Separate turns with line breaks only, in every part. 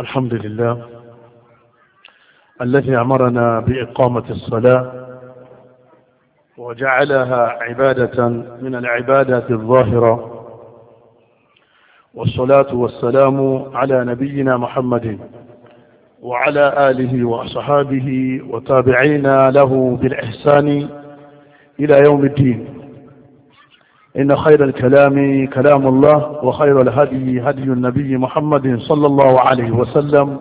الحمد لله الذي أمرنا بإقامة الصلاة وجعلها عبادة من العبادات الظاهرة والصلاة والسلام على نبينا محمد وعلى آله وأصحابه وتابعينا له بالإحسان إلى يوم الدين إن خير الكلام كلام الله وخير الهدي هدي النبي محمد صلى الله عليه وسلم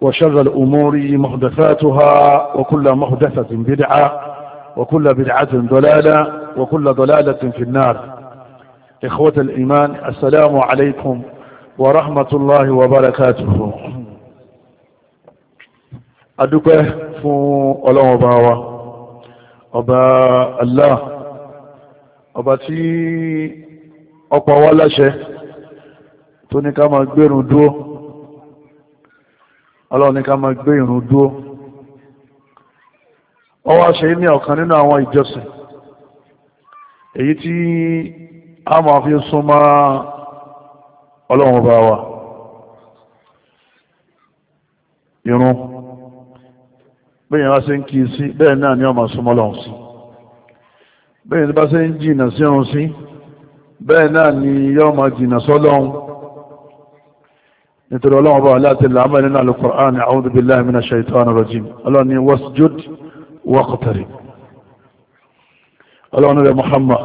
وشر الأمور محدثاتها وكل محدثة بدعة وكل بدعة ضلالة وكل ضلالة في النار إخوة الإيمان السلام عليكم ورحمة الله وبركاته أدوك فو ألوم باوا أبا الله ọba tí ọ̀pọ̀ wa láṣẹ tó ní ká máa gbérun dúó ọlọ́run ní ká máa gbé irun dúó ọwọ́ aṣe ní ọ̀kan nínú àwọn ìjọsìn èyí tí a máa fi súnmọ́ ọlọ́run bá wa irun bẹ́yìn wá sí ń kí sí bẹ́ẹ̀ náà ni ó súnmọ́ ọlọ́run sí bẹ́ẹ̀ ni bá ṣe ń jìnà sí ọ̀run sí bẹ́ẹ̀ náà ni yọ́ ma jìnà sọ́lọ́run nítorí ọlọ́run bá aláti láàmà nínú alukọ̀rán a'udhu billahi minash shaitani rajim ọlọ́run ni wasjud waqtarib ọlọ́run rẹ̀ Muhammad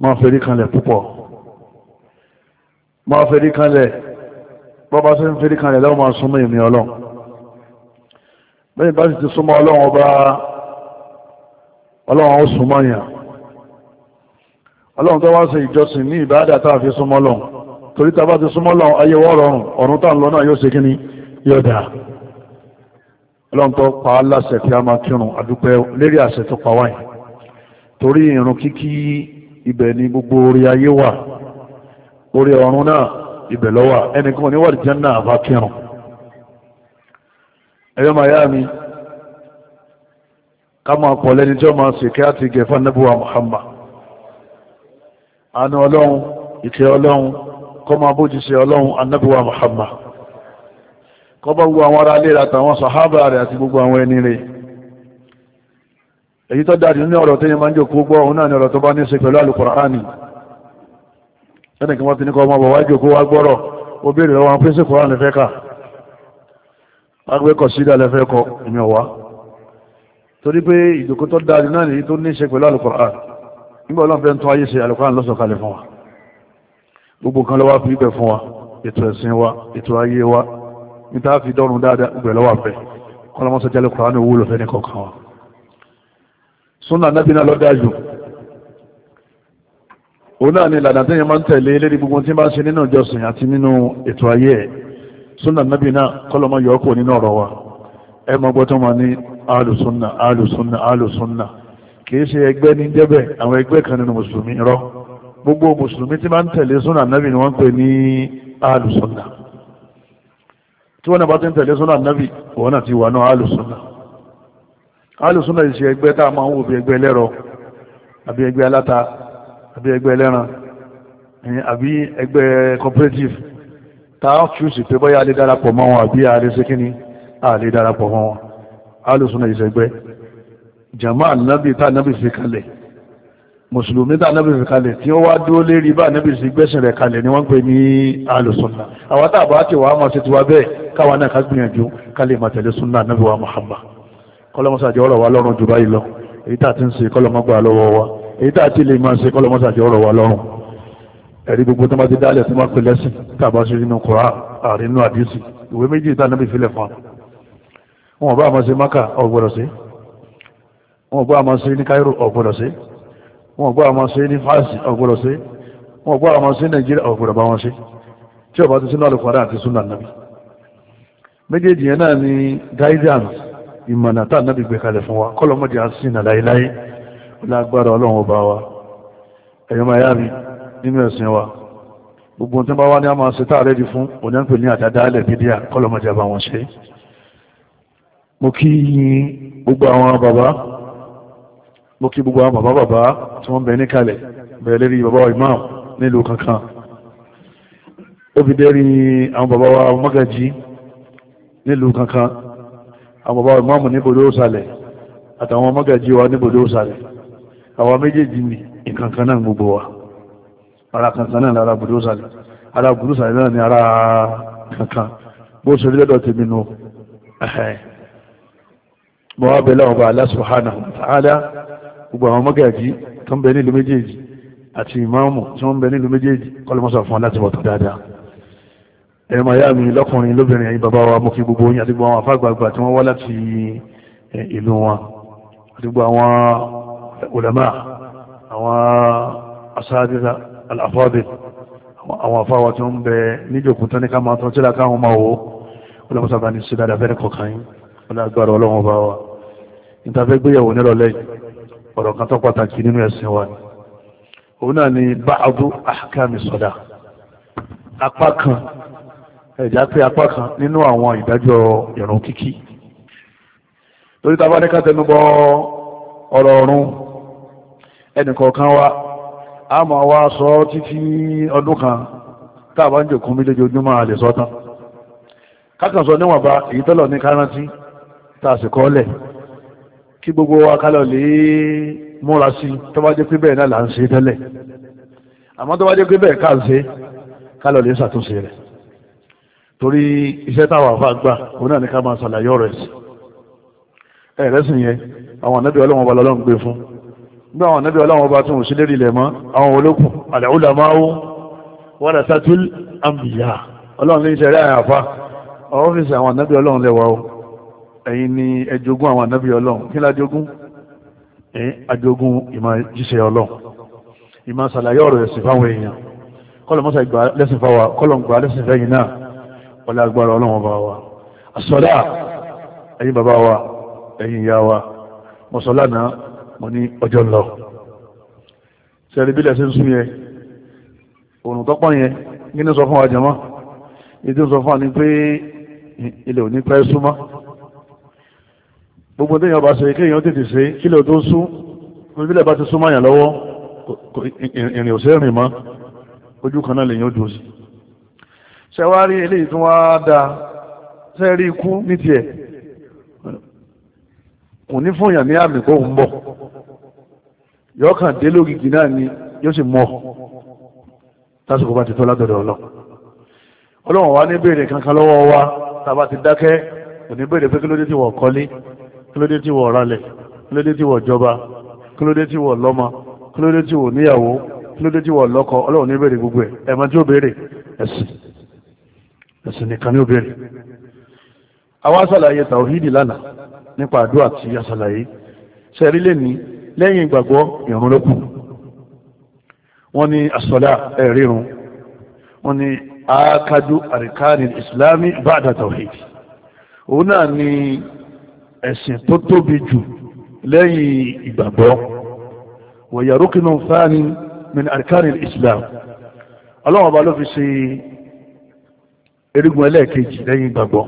máa fẹ́rí kanlẹ̀ púpọ̀ máa fẹ́rí kanlẹ̀ bọ́bá sí fẹ́rí kanlẹ̀ lọ́wọ́ máa súnmọ́ ìmì ọlọ́run ọlọ́run ó súnmọ́ yàn ọlọ́run tó wá ṣe ìjọsìn ní ìbáàdà tá a fi súnmọ́ lọ́n torí tá a bá ti súnmọ́ lọ́n ayé wọ́ rọrùn ọ̀run tá à ń lọ náà yóò ṣe kíní yóò dáa ọlọ́run tó pa á láṣẹ kí a máa kírun àdúpẹ́ lérí àṣẹ tó pa wáyé torí ìrun kíkí ibẹ̀ ni gbogbo orí ayé wà orí ọ̀run náà ibẹ̀ lọ́wà ẹnìkan níwọ̀dì náà àbá kírun ẹ̀yọ́ Kama máa pọ̀ lẹ́ni tí ó máa sì kí á ti gẹ̀ fún anábíwá Muhammad àánú ọlọ́run ìkẹ́ ọlọ́run kọ́ máa bójú ọlọ́run anábíwá Muhammad kọ́ bá gbogbo àwọn ará ilé rẹ̀ àtàwọn sàhábà rẹ̀ àti gbogbo àwọn ẹni rẹ̀ èyí tó dájú ní ọ̀rọ̀ tó yẹ máa ń jòkó gbọ́ òun náà ni ọ̀rọ̀ tó bá ní ṣe pẹ̀lú alukùránì ẹnìkan wọ́n ti ní kọ́ ọmọ bọ̀ jòkó wá gbọ́rọ̀ ó béèrè lọ́wọ́ pé sí kùránì fẹ́ kà á gbé kọ̀ sídà lẹ́fẹ́ kọ ìmọ̀ wá torí pé ìdòkó tó dáadì náà nìyí tó ní ṣe pẹ̀lú alùkọ̀rán nígbà ọlọ́run fẹ́ ń ayé ṣe alùkọ̀rán lọ́sọ̀kalẹ̀ fún wa gbogbo kan lọ́wọ́ fi ibẹ̀ fún wa ètò ẹ̀sìn wa ètò ayé wa níta fi dọ́run dáadáa gbẹ̀ lọ́wọ́ àbẹ̀ kọ́lọ́mọ́sọ jẹ́ alùkọ̀rán ní owó ni ìlànà tẹ́yìn máa ń tẹ̀lé lédi gbogbo tí máa ń ṣe nínú ìjọsìn àti nínú ètò ayé ẹ̀ súnà wa ẹ gbọ́tọ́ ma ní alùsùnà alùsùnà alùsùnà kìí ṣe ẹgbẹ́ ní jẹ́bẹ̀ àwọn ẹgbẹ́ kan nínú mùsùlùmí rọ gbogbo mùsùlùmí tí máa ń tẹ̀lé súnà nábì ni wọ́n ń pè ní alùsùnà tí wọ́n náà bá ti ń tẹ̀lé súnà nábì wọ́n náà ti wà náà alùsùnà alùsùnà yìí ṣe ẹgbẹ́ tá a máa ń wò bí ẹgbẹ́ ẹlẹ́rọ àbí ẹgbẹ́ aláta àbí ẹgbẹ́ ẹlẹ́ran àbí a ṣùṣì pé a lè darapọ̀ mọ́ wọn alùsùnà ìṣẹ̀gbẹ́ jama nabi tá nabi fi kalẹ̀ mùsùlùmí tá nabi fi kalẹ̀ tí ó wá dúró lérí bá nabi fi gbẹ́sìn rẹ̀ kalẹ̀ ni wọ́n pè ní alùsùnà àwọn tá ti wà máa ṣe tiwa bẹ́ẹ̀ káwọn náà ká gbìyànjú ká lè máa nabi wa muhammad kọlọmọsàjẹ́ ọ̀rọ̀ wa lọ́rùn jù báyìí lọ èyí tá ti ń ṣe kọlọmọgbà lọ́wọ́ wa èyí tá ti lè máa ṣe kọlọmọsàjẹ́ ọ̀rọ̀ wa lọ́rùn ẹ̀rí gbogbo tó bá ti dálẹ̀ tó máa pè lẹ́sìn tá ṣe nínú kura àrínú àdìsí ìwé méjì tá a nábì filẹ̀ fún wa wọn bá àmọ́ sí maka ọ̀gbọ̀dọ̀ sí wọn bá àmọ́ sí ní Cairo ọ̀gbọ̀dọ̀ sí wọn bá àmọ́ sí ní fásitì ọ̀gbọ̀dọ̀ sí wọn bá àmọ́ sí Nàìjíríà ọ̀gbọ̀dọ̀ bá wọn sí tí ọba ti sínú alùpàdà àti súnà nàbì méjèèjì yẹn náà ni guidance ìmọ̀nà tá nàbì gbé kalẹ̀ fún wa kọ́lọ́mọ́dé àsìnà láéláé lágbára ọlọ́run ọba wa ẹ̀yọ́ máa yá mi nínú ẹ̀sìn wa gbogbo tí wọ́n bá wá ní àmọ́ àṣetá rẹ̀ di fún òní à ń pè ní àdádálẹ̀ bídíà kọ́lọ́mọ́dé àbáwọn ṣe é mo kí gbogbo àwọn bàbá mo kí gbogbo àwọn bàbá bàbá tí wọ́n bẹ̀ ní kalẹ̀ lérí bàbá wa nílùú kankan ó fi dẹ́rí àwọn bàbá wa magají nílùú kankan àwọn bàbá wa imam níbodò òsàlẹ̀ àtàwọn magají wa níbodò òsàlẹ̀ àwọn méjèèjì ní ìkankan náà gbogbo wa ara kankan náà lára bodò òsàlẹ̀ ara bodò òsàlẹ̀ náà ní ara kankan bó ṣe rí lọ́dọ̀ tèmi nù ẹ̀hẹ́ bọ́ wá bẹ̀lẹ́ ọba Allah subhanahu wa ta'ala gbogbo àwọn mọ́gàjí tó ń bẹ nílùú méjèèjì àti ìmáàmù tí wọ́n ń bẹ nílùú méjèèjì kọ́lọ́mọ́sọ̀ fún láti bọ̀ tó dáadáa ẹ̀rọ máa yá mi lọ́kùnrin lóbìnrin ẹ̀yin bàbá wa mo kí gbogbo yín àti gbogbo àwọn afágbàgbà tí wọ́n wá láti ìlú wọn àti gbogbo àwọn ulama àwọn asáájúdá aláfọ́dé àwọn afáwà tí ó ń bẹ níjòkun tó ní ká máa tán ìtafẹ́gbéyàwó nírọ̀lẹ́ yìí ọ̀rọ̀ kan tó pàtàkì nínú ẹ̀sìn wa ni òun náà ni báàdú àkàmì sọ̀dá apá kan ẹ̀já pé apá kan nínú àwọn ìdájọ́ ìrun kíkí lórí tá a bá ní ká tẹnu bọ ọ̀rọ̀ ọ̀run ẹnìkọ̀ọ̀kan wa a máa wá sọ títí ọdún kan tá a bá ń jòkó méjèèjì ojúmọ́ a lè kákan sọ níwọ̀nba èyí tọ́lọ̀ ní kárántí tá a sì kọ́ lẹ̀ kí gbogbo wa kálọ̀ lè múra sí tó bá jẹ́ pé bẹ́ẹ̀ náà là ń ṣe tẹ́lẹ̀ àmọ́ tó bá jẹ́ pé bẹ́ẹ̀ ká ń ṣe kálọ̀ lè ṣàtúnṣe rẹ̀ torí iṣẹ́ táwọn àfa gbà òun náà ní ká máa ṣàlàyé ọ̀rọ̀ ẹ̀sìn ẹ̀rẹ́sìn yẹn àwọn ànábì ọlọ́run ọba lọ́lọ́run gbé fún nígbà àwọn ànábì ọlọ́run ọba tún òṣèlè ilẹ̀ mọ́ àwọn olókùn àdàwùlà máa ó wọ́n àtàtúl àmbìyà ọlọ́run ní ìṣẹ̀rẹ́ àyàfa ọ́fíìsì àwọn ànábì ọlọ́run lẹ́wà ó ẹ̀yin ni ẹjogún àwọn ànábì ọlọ́run kí lájogún ẹ̀yin ajogún ìmọ̀ jíṣẹ́ ọlọ́run ìmọ̀ sàlàyé ọ̀rọ̀ ẹ̀sìn fáwọn èèyàn kọ́lọ̀ mọ́sà ìgbà lẹ́sìn fáwa kọ́lọ̀ ń gbà lẹ́sìn fẹ́yìn náà wọlé agbára ọlọ́run bá wa àsọdá ẹ̀yin bàbá wa ẹ̀yin ìyá wa mọ̀sọ́lánà mo ní ọjọ́ lọ sẹ́rí bílẹ̀ sí ń sún yẹn òrùn tọ́pọ̀ yẹn kí ní sọ fún wa jẹ́mọ́ ìdí ń sọ pẹ́ súnmọ́ gbogbo téèyàn bá ṣe kéèyàn tètè ṣe kílẹ̀ tó sún ìbílẹ̀ bá ti sún máyàn lọ́wọ́ ìrìn òṣèré rìn mọ́ ojú kan náà lèyàn dùn sí ṣẹwárí eléyìí tún wá dáa ṣe rí ikú ní tiẹ̀ kò ní fún yàn ní àmì kó ń bọ̀ yọ kàn dé lógìkì náà ni yóò sì mọ̀ tásìkò bá ti tọ́ látọ̀dọ̀ ọlọ́ ọlọ́run wa ní béèrè kankan lọ́wọ́ wa tá a bá ti dákẹ́ kò ní béèrè pé kí ló dé tí wọ́n kọ́lé kílódé tí wọ́n ralẹ̀ kílódé tí wọ́n kílódé tí kílódé tí níyàwó kílódé tí ọlọ́run ní béèrè gbogbo ẹ̀ ẹ̀mọ́ tí ó béèrè ẹ̀sìn ẹ̀sìn nìkan ní ó àwa a sẹ́rí lè ní lẹ́yìn ìgbàgbọ́ ló kù wọ́n ní ẹ̀rírun wọ́n ní àákájú àríkáàrin ìsìlámì bá ẹ̀sìn tó tóbi jù lẹ́yìn ìgbàgbọ́ wọ̀yà rúkínú fáàní min arkanil islam ọlọ́wọ́n bá ló fi ṣe erigun ẹlẹ́ẹ̀kejì lẹ́yìn ìgbàgbọ́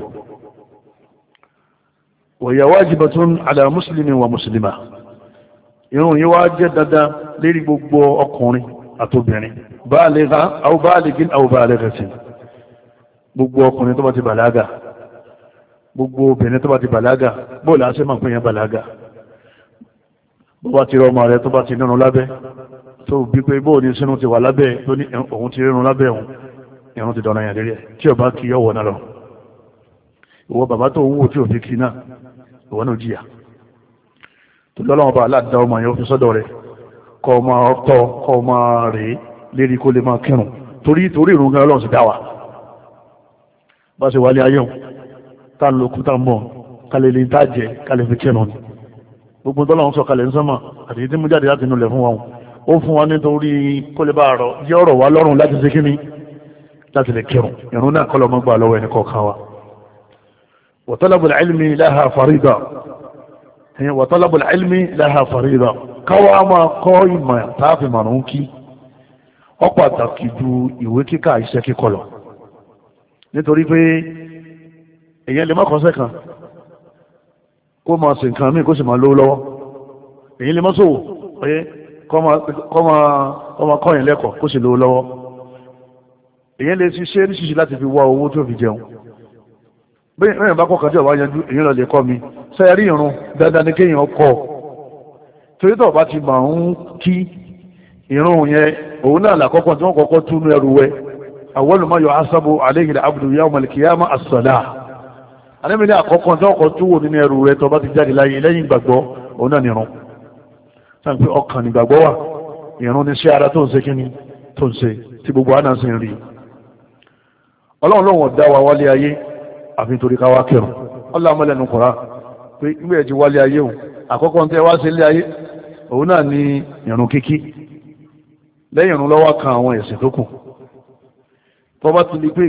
wọ̀yà wájibatun ala muslimin wa muslima irun yìí wá jẹ́ dandan lérí gbogbo ọkùnrin àtobìnrin báàlẹ́gá àwọn báàlẹ́gín gbogbo ọkùnrin tó bá ti bàlágà gbogbo obìnrin tó bá ti bàlágà bóòlù á sí máa pín yẹn bàlágà bó bá ti rọ ọmọ rẹ tó bá ti nínú lábẹ́ tó bí pé bóòlù ní sínú ti wà lábẹ́ tó ní òun ti rínú lábẹ́ òun ìrún ti dọ̀nà ìyàdẹ́rẹ́ tí ọba kì í ọwọ́ náà lọ ìwọ bàbá tó wù tí ò fi kì í náà ìwọ náà jìyà tó lọ́lọ́wọ́ bá aláàdá ọmọ yẹn ó fi sọ́dọ̀ rẹ kọ́ ọmọ ọtọ́ kọ́ ọmọ rèé lérí kó lè máa kírun torí torí ìrùn gan ọlọ́run sì dá wa bá ṣe wálé ayé òun tá a lókun tá a mọ̀ kalẹ̀ lè tá a jẹ kalẹ̀ fi kírun ni gbogbo tó lọ́wọ́ sọ kalẹ̀ ń sọ́mọ̀ àti tí mo láti inú ilẹ̀ fún wa ó fún wa nítorí kólébà rọ jẹ́ ọ̀rọ̀ wa lọ́rùn láti ṣe kíni láti lè kírun ìrún náà kọ́lọ́ mọ́gbà lọ́wọ́ ẹni kọ̀ọ̀kan wa wa ilmi laha farida ẹ̀yìn wa talabul ilmi laha farida káwọ́ a máa kọ́ ìmọ̀ táàfin màrún kí ọ pàtàkì ju ìwé kíkà iṣẹ́ kíkọ lọ nítorí pé èyàn lè má kọ́sẹ́ kan kó máa sì nǹkan míì kó sì máa lówó lọ́wọ́ èyàn lè má sòwò ọyẹ kọ́ máa kọ́yìn lẹ́kọ̀ọ́ kó sì lówó lọ́wọ́ èyàn lè ṣiṣẹ́ níṣìṣẹ́ láti fi wá owó tó fi jẹun bẹ́ẹ̀ bá kọ́kàn tí ọba yanjú èyàn lọ lè kọ́ mi sẹ́ẹ̀rí irun dandan ni kéèyàn kọ́ torí tó ọba ti máa ń kí irun yẹn òun náà làkọ́kọ́ tí wọ́n kọ́kọ́ túnú ẹrù wẹ àwọn olùmọ̀ yọ asábò alayhi abdu yawm al-qiyamah as anamílẹ àkọ́kọ́ tí ọkọ tó wò nínú ẹrù rẹ tó bá ti jáde láyé lẹ́yìn ìgbàgbọ́ òun náà nìrun sáà pé ọkàn nígbàgbọ́ wà ìrun ní sí ara tó ń ṣe kíni tó ń ṣe tí gbogbo àná sì ń rí ọlọ́run lòun ọ̀dá wa wálé ayé àfi nítorí ká wá kírun ọlọ́run mọ́lẹ́nu kọ̀ọ̀rá pé ìgbé ẹ̀ ti wálé ayé o àkọ́kọ́ tẹ́ wá sí ilé ayé òun náà ni ìrun kíkí lẹ́yìn ìrun lọ́wọ́ kan àwọn ẹ̀sìn tó kù tó bá ti di pé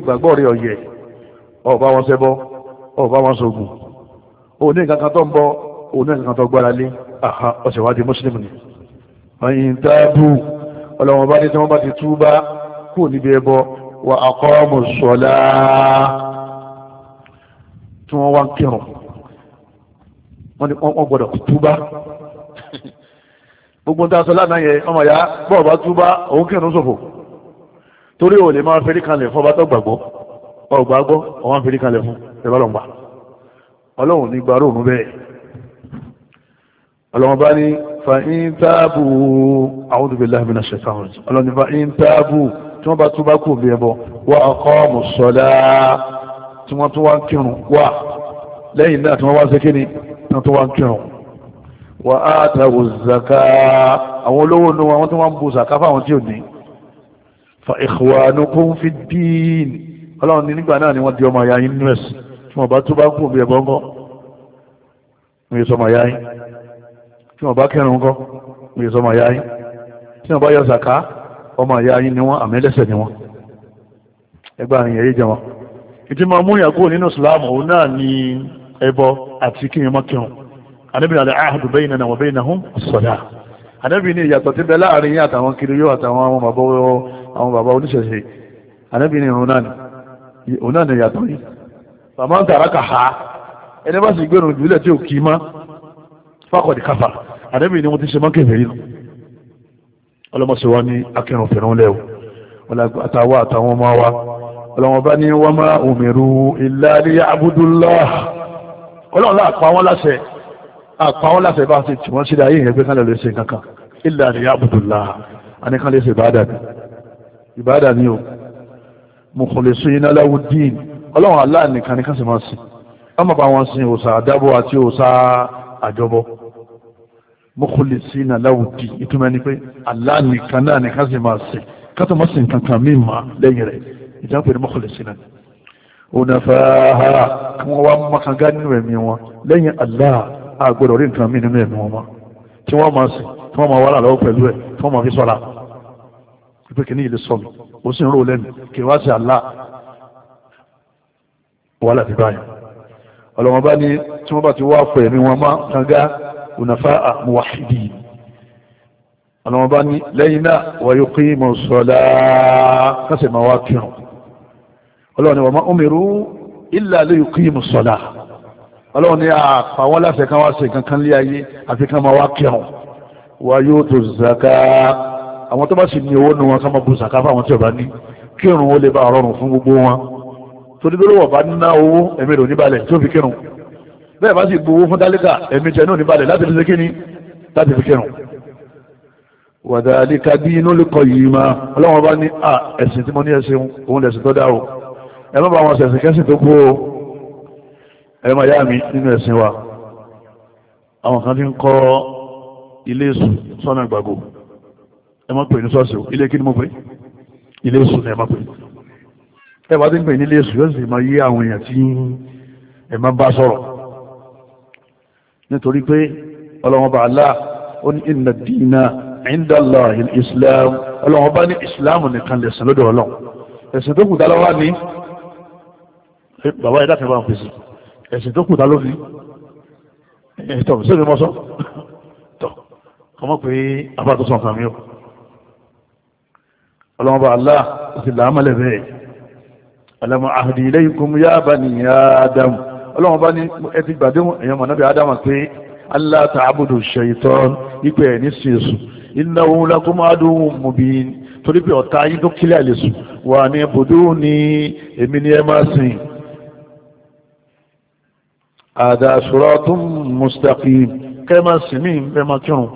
ó bá wọn sógun ó ní kankan tó ń bọ ó ní kankan tó gbára lé aha ọ̀sẹ̀ wá di mùsùlùmí ni ọ̀yìn tábù ọlọ́wọ́n bá ní tí wọ́n bá ti túbá kú níbi ẹbọ wà àkọ́ọ̀mù sọ̀lá tí wọ́n wá ń kírun wọ́n ní wọ́n gbọ́dọ̀ túbá gbogbo ta sọ lánàá yẹn ọmọ ya bọ́ọ̀ bá túbá òun kírun ṣòfò torí ò lè máa fẹ́rí kanlẹ̀ fọ́ba tó gbàgbọ́ ọgbà gbọ́ ọwọ́ ń fi kalẹ̀ fún ẹ̀rọ ọlọ́mgbà ọlọ́run ní gbàrú òun bẹ́ẹ̀ ọlọ́run bá ní fa'in táàbù a'udhu billahi minash shaitanir rajim ọlọ́run ní fa'in táàbù tí wọ́n bá tún bá kò bí ẹbọ wa aqamu ssalah tí wọ́n tún wá ń kírun àwọn olówó nu wọn tún wá ń bu zaka fáwọn ọlọ́run ní nígbà náà ni wọ́n di ọmọ ayá yín nínú ẹ̀sìn tí wọ́n bá tó bá kú òbí ẹ̀bọ́n kọ́ mo yẹ sọmọ ayá yín tí wọ́n bá kẹrùn kọ́ mo sọmọ ayá yín tí wọ́n bá yọ sàká ọmọ ayá yín ni wọ́n àmì ni wọ́n ẹgbẹ́ àrùn yẹn jẹ wọn. ìdí máa mú ìyàgò nínú Islam òun náà ni ẹbọ àti kí ni mọ́kìrùn Ànábì alẹ́ ahadu bẹ́yìn náà wọ́n bẹ́yìn náà hún sọ̀dá Ànábì ní ìyàtọ̀ tí bẹ láàrin yín àtàwọn kiri yóò àtàwọn àwọn bàbá oníṣẹ̀ṣe Ànábì ní ìrún náà ni òun náà ni yàtọ̀ yìí bàmá ń tàrà kà á ẹni bá sì gbẹ̀rùn ìbílẹ̀ tí ò kì í má fákọ̀dì káfà àdébì ni wọ́n ti ṣe mọ́ kẹfẹ́ yìí ọlọ́mọṣẹ́ wa ní akẹ́rùn fẹ̀rún lẹ́wọ̀ àtàwọn àtàwọn ọmọ wa ọlọ́wọ́n bá ní wọ́n máa òmìnirú illa liya'budullah ọlọ́run láàpá wọn láṣẹ àpá wọn láṣẹ bá ti tì wọ́n sílẹ̀ ayé ìyẹn pé kán lè lè ṣe kankan illa liya'budullah a ní kán lè ṣe ìbáàdà ni ìbáàdà ni o mukhlisin lahu ddin ọlọ́run Allah nìkan ní kásìmọ́ sí ọmọ bá wọn sin òòṣà àdábọ̀ àti òòṣà àjọbọ̀ mukhlisin lahu ddin ìtumọ̀ ni pé Allah nìkan náà ní kásìmọ́ sí kátàmọ́ sí nǹkan kan mí mà lẹ́yìn rẹ̀ ìjápẹ̀ ní mukhlisin náà onafaha kí wá mọ́kàn gá nínú ẹ̀mí wọn lẹ́yìn Allah àgbọ̀dọ̀ rí nǹkan mí nínú ẹ̀mí wọn mọ́ tí wọ́n máa sìn tí wọ́n máa wá pípé kìíní yìí lè sọ mi ó sì ń rò lẹ́nu kí wá sí àlá wà láti báyìí ọlọ́wọ́n bá ní tí wọ́n bá ti wá pẹ̀ mí wọn má kanga ònàfà àmúwáhídì ọlọ́wọ́n bá ní lẹ́yìn náà wọ́n yóò kí mọ̀ sọ́lá kásẹ̀ máa wá kírun ọlọ́wọ́n ni wọ́n máa ń mìíràn ilà lè yóò kí mọ̀ sọ́lá ọlọ́run ni àpàwọ́ láti ẹ̀kan wá sí nǹkan kan lé ayé àfi kan máa wá kírun wá yóò tó zaka àwọn tó bá sì ní owó nu wọn sọ́mọ́ bu sàká fáwọn tí ò bá ní kírun ó lè bá rọrùn fún gbogbo wọn torí bí olówó bá ná owó ẹ̀mí rẹ̀ oníbalẹ̀ tí fi kírun bẹ́ẹ̀ bá sì bu owó fún dálíkà ẹ̀mí tẹ̀ ní oníbalẹ̀ láti fi ṣe kíni láti fi kírun. wàdàlíkà bí inú lè kọ yìí máa ọlọ́wọ́n bá ní à ẹ̀sìn tí mo ní ẹ̀sìn òun lẹ̀sìn tó dá o ẹ má bá wọn ṣẹ̀sìn mi nínú ẹ̀sìn wa àwọn kan ti ń ẹ má pè ní sọ́ọ̀sì o ilé kí ni mo pè ilé èṣù ni ẹ má pè ẹ bá ti ń pè ní ilé èṣù yóò sì máa yí àwọn èèyàn tí ẹ bá sọ̀rọ̀ nítorí pé ọlọ́wọ́n bá ó ní inna dínà inda Allahi islam ọlọ́wọ́n bá ní islam nìkan lẹ̀sìn lọ́dọ̀ ọlọ́run ẹ̀sìn tó kù dá lọ́wọ́ ní bàbá ẹ̀dá kan bá ń fèsì ẹ̀sìn tó kù dá lórí ẹ̀tọ́ sí ni mo sọ tọ́ ọmọ pé abá tó sọ nǹkan mi o ọlọ́mọba Allah ó sì làámọ̀lẹ̀ bẹ́ẹ̀ alam ahdi ilaykum ya bani Adam ọlọ́mọba ní ẹ ti gbàdé èèyàn mọ̀nàbí Adam pé Allah ta'budu shaytan ipò ẹ̀ ní sèṣù innahu lakum aduwwun mubin torí pé ọ̀tá yín tó kílẹ̀ àlèṣù wà ní ibùdó ní èmi ní ẹ máa sìn àdá suratun mustaqim kẹ́ẹ̀mà sí ní ẹmà kírùn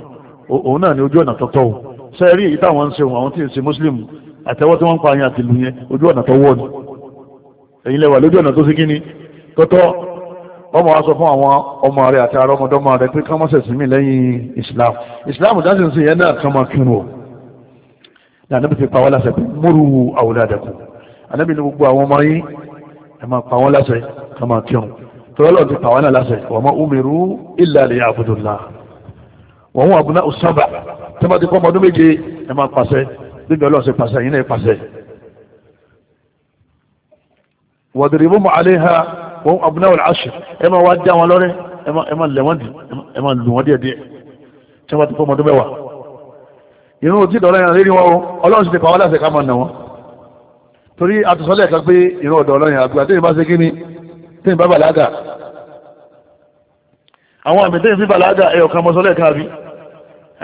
òun náà ni ojú ọ̀nà tọ́tọ́ sẹ́ẹ̀rí èyí táwọn ń ṣe wọn àwọn tí ń ṣe muslim àtẹwọ́ tí wọ́n ń pa àyàn àtìlú yẹn ojú ọ̀nà tó wọ̀ ni èyí lẹ́wà lójú ọ̀nà tó sí kí ni tọ́tọ́ ọmọ wa sọ fún àwọn ọmọ rẹ àti ara ọmọdọ́mọ rẹ pé ká mọ́sẹ̀ sí mi lẹ́yìn islam islam dáhùn sí yẹn náà kán máa kírun o ní ànábì fi pa wọ́n láṣẹ pé múrù awladakum ànábì ní gbogbo àwọn ọmọ yín ẹ máa pa wọ́n láṣẹ ká máa kírun tọ́lọ́ ti pa wọ́n náà láṣẹ wa ma umiru illa liya'budullah wa hum abna'u sab'a tí wọ́n ti kọ́ ọmọ ọdún méje ẹ máa pàṣẹ bíbí ọlọ́run pàṣẹ yín náà pàṣẹ. wàdìrìbù mọ alẹ́ ha wọn abúlé wọn aṣọ ẹ máa wá dá wọn lọ́rẹ́ ẹ máa lẹ̀ wọ́n dì ẹ máa lù wọ́n díẹ̀ díẹ̀ tí ti kọ́ ọmọ mẹ́wàá. ìrún òtí ìdọ̀lá yẹn lérí wọn o ọlọ́run sì ti pa wọ́n láṣẹ ká máa nà wọ́n. torí àtúnṣọlẹ̀ kan pé ìrún ọ̀dọ̀ ọlọ́run yẹn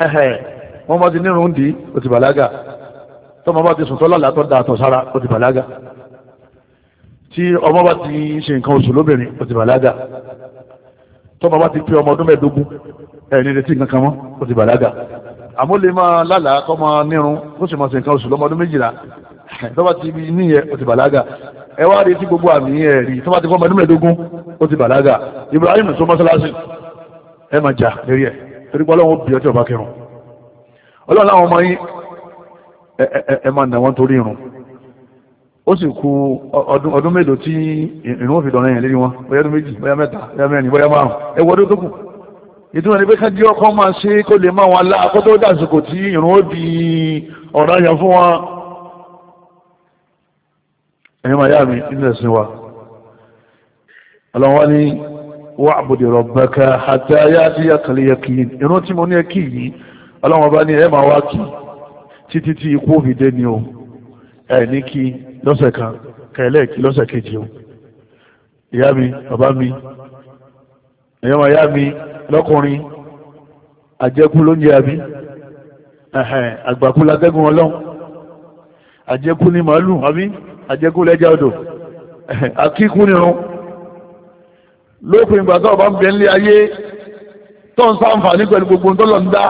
àgbà wọ́n bá ti nírun dì í ó ti bàlágà tọ́mọ bá ti sùn tọ́lá látọ́ da àtọ̀ sára ó ti bàlágà tí ọmọ bá ti ṣe nǹkan oṣù lóbìnrin ó ti bàlágà tọ́mọ bá ti pé ọmọ ọdún mẹ́ẹ̀ẹ́dógún ẹ̀ẹ́ni retí nǹkan kan mọ́ ó ti bàlágà àmọ́ lè máa lálàá kọ́ máa nírun ó sì máa ṣe nǹkan oṣù lọ́mọ ọdún méjìlá tọ́ba ti bí níyẹn ó ti bàlágà ẹ wá retí gbogbo àmì ẹ̀ rí tọ́ba ti kọ́ ọdún mẹ́ẹ̀ẹ́dógún ó ti bàlágà Ibrahim tó mọ́ṣáláṣí ẹ máa jà lérí ẹ̀ torí pé ọlọ́run ó bí ọjọ́ ọba kẹrùn-ún ọlọ́run láwọn ọmọ yín ẹ máa nà wọ́n torí irun ó sì kú ọdún ọdún mélòó tí irun ó fi dọ̀rọ̀ yẹn lérí wọn bóyá ọdún méjì bóyá mẹ́ta bóyá mẹ́rin bóyá márùn ẹ ọdún tó kù ìtumọ̀ ní pé ká jẹ́ ọkọ máa ṣe kó lè máa wọn aláàkó tó dàsìkò tí irun ó di ọ̀rọ̀ yẹn fún wọn. ẹ̀yin máa yá mi nínú ẹ̀sìn wa ọlọ́run wá ní wa'budi rabbaka hatta ya'tiyakal yaqin irun tí mo ní ẹ kí yìí ọlọ́wọ́n bá ní ẹ máa wá kí títí tí ikú òfin dé ni o ẹ ní kí lọ́sẹ̀ kan kẹlẹ́ kí lọ́sẹ̀ kejì o ìyá mi bàbá mi ẹ̀yọ́ máa yá mi lọ́kùnrin àjẹkù ló ń jẹ àbí àgbàkú látẹ́gùn ọlọ́run àjẹkù ní màálù àbí àjẹkù lẹ́jà odò àkíkú nìrun lópin ìgbà tó o bá ń bẹ nílé ayé tó ń sáǹfààní pẹ̀lú gbogbo tó lọ ń dá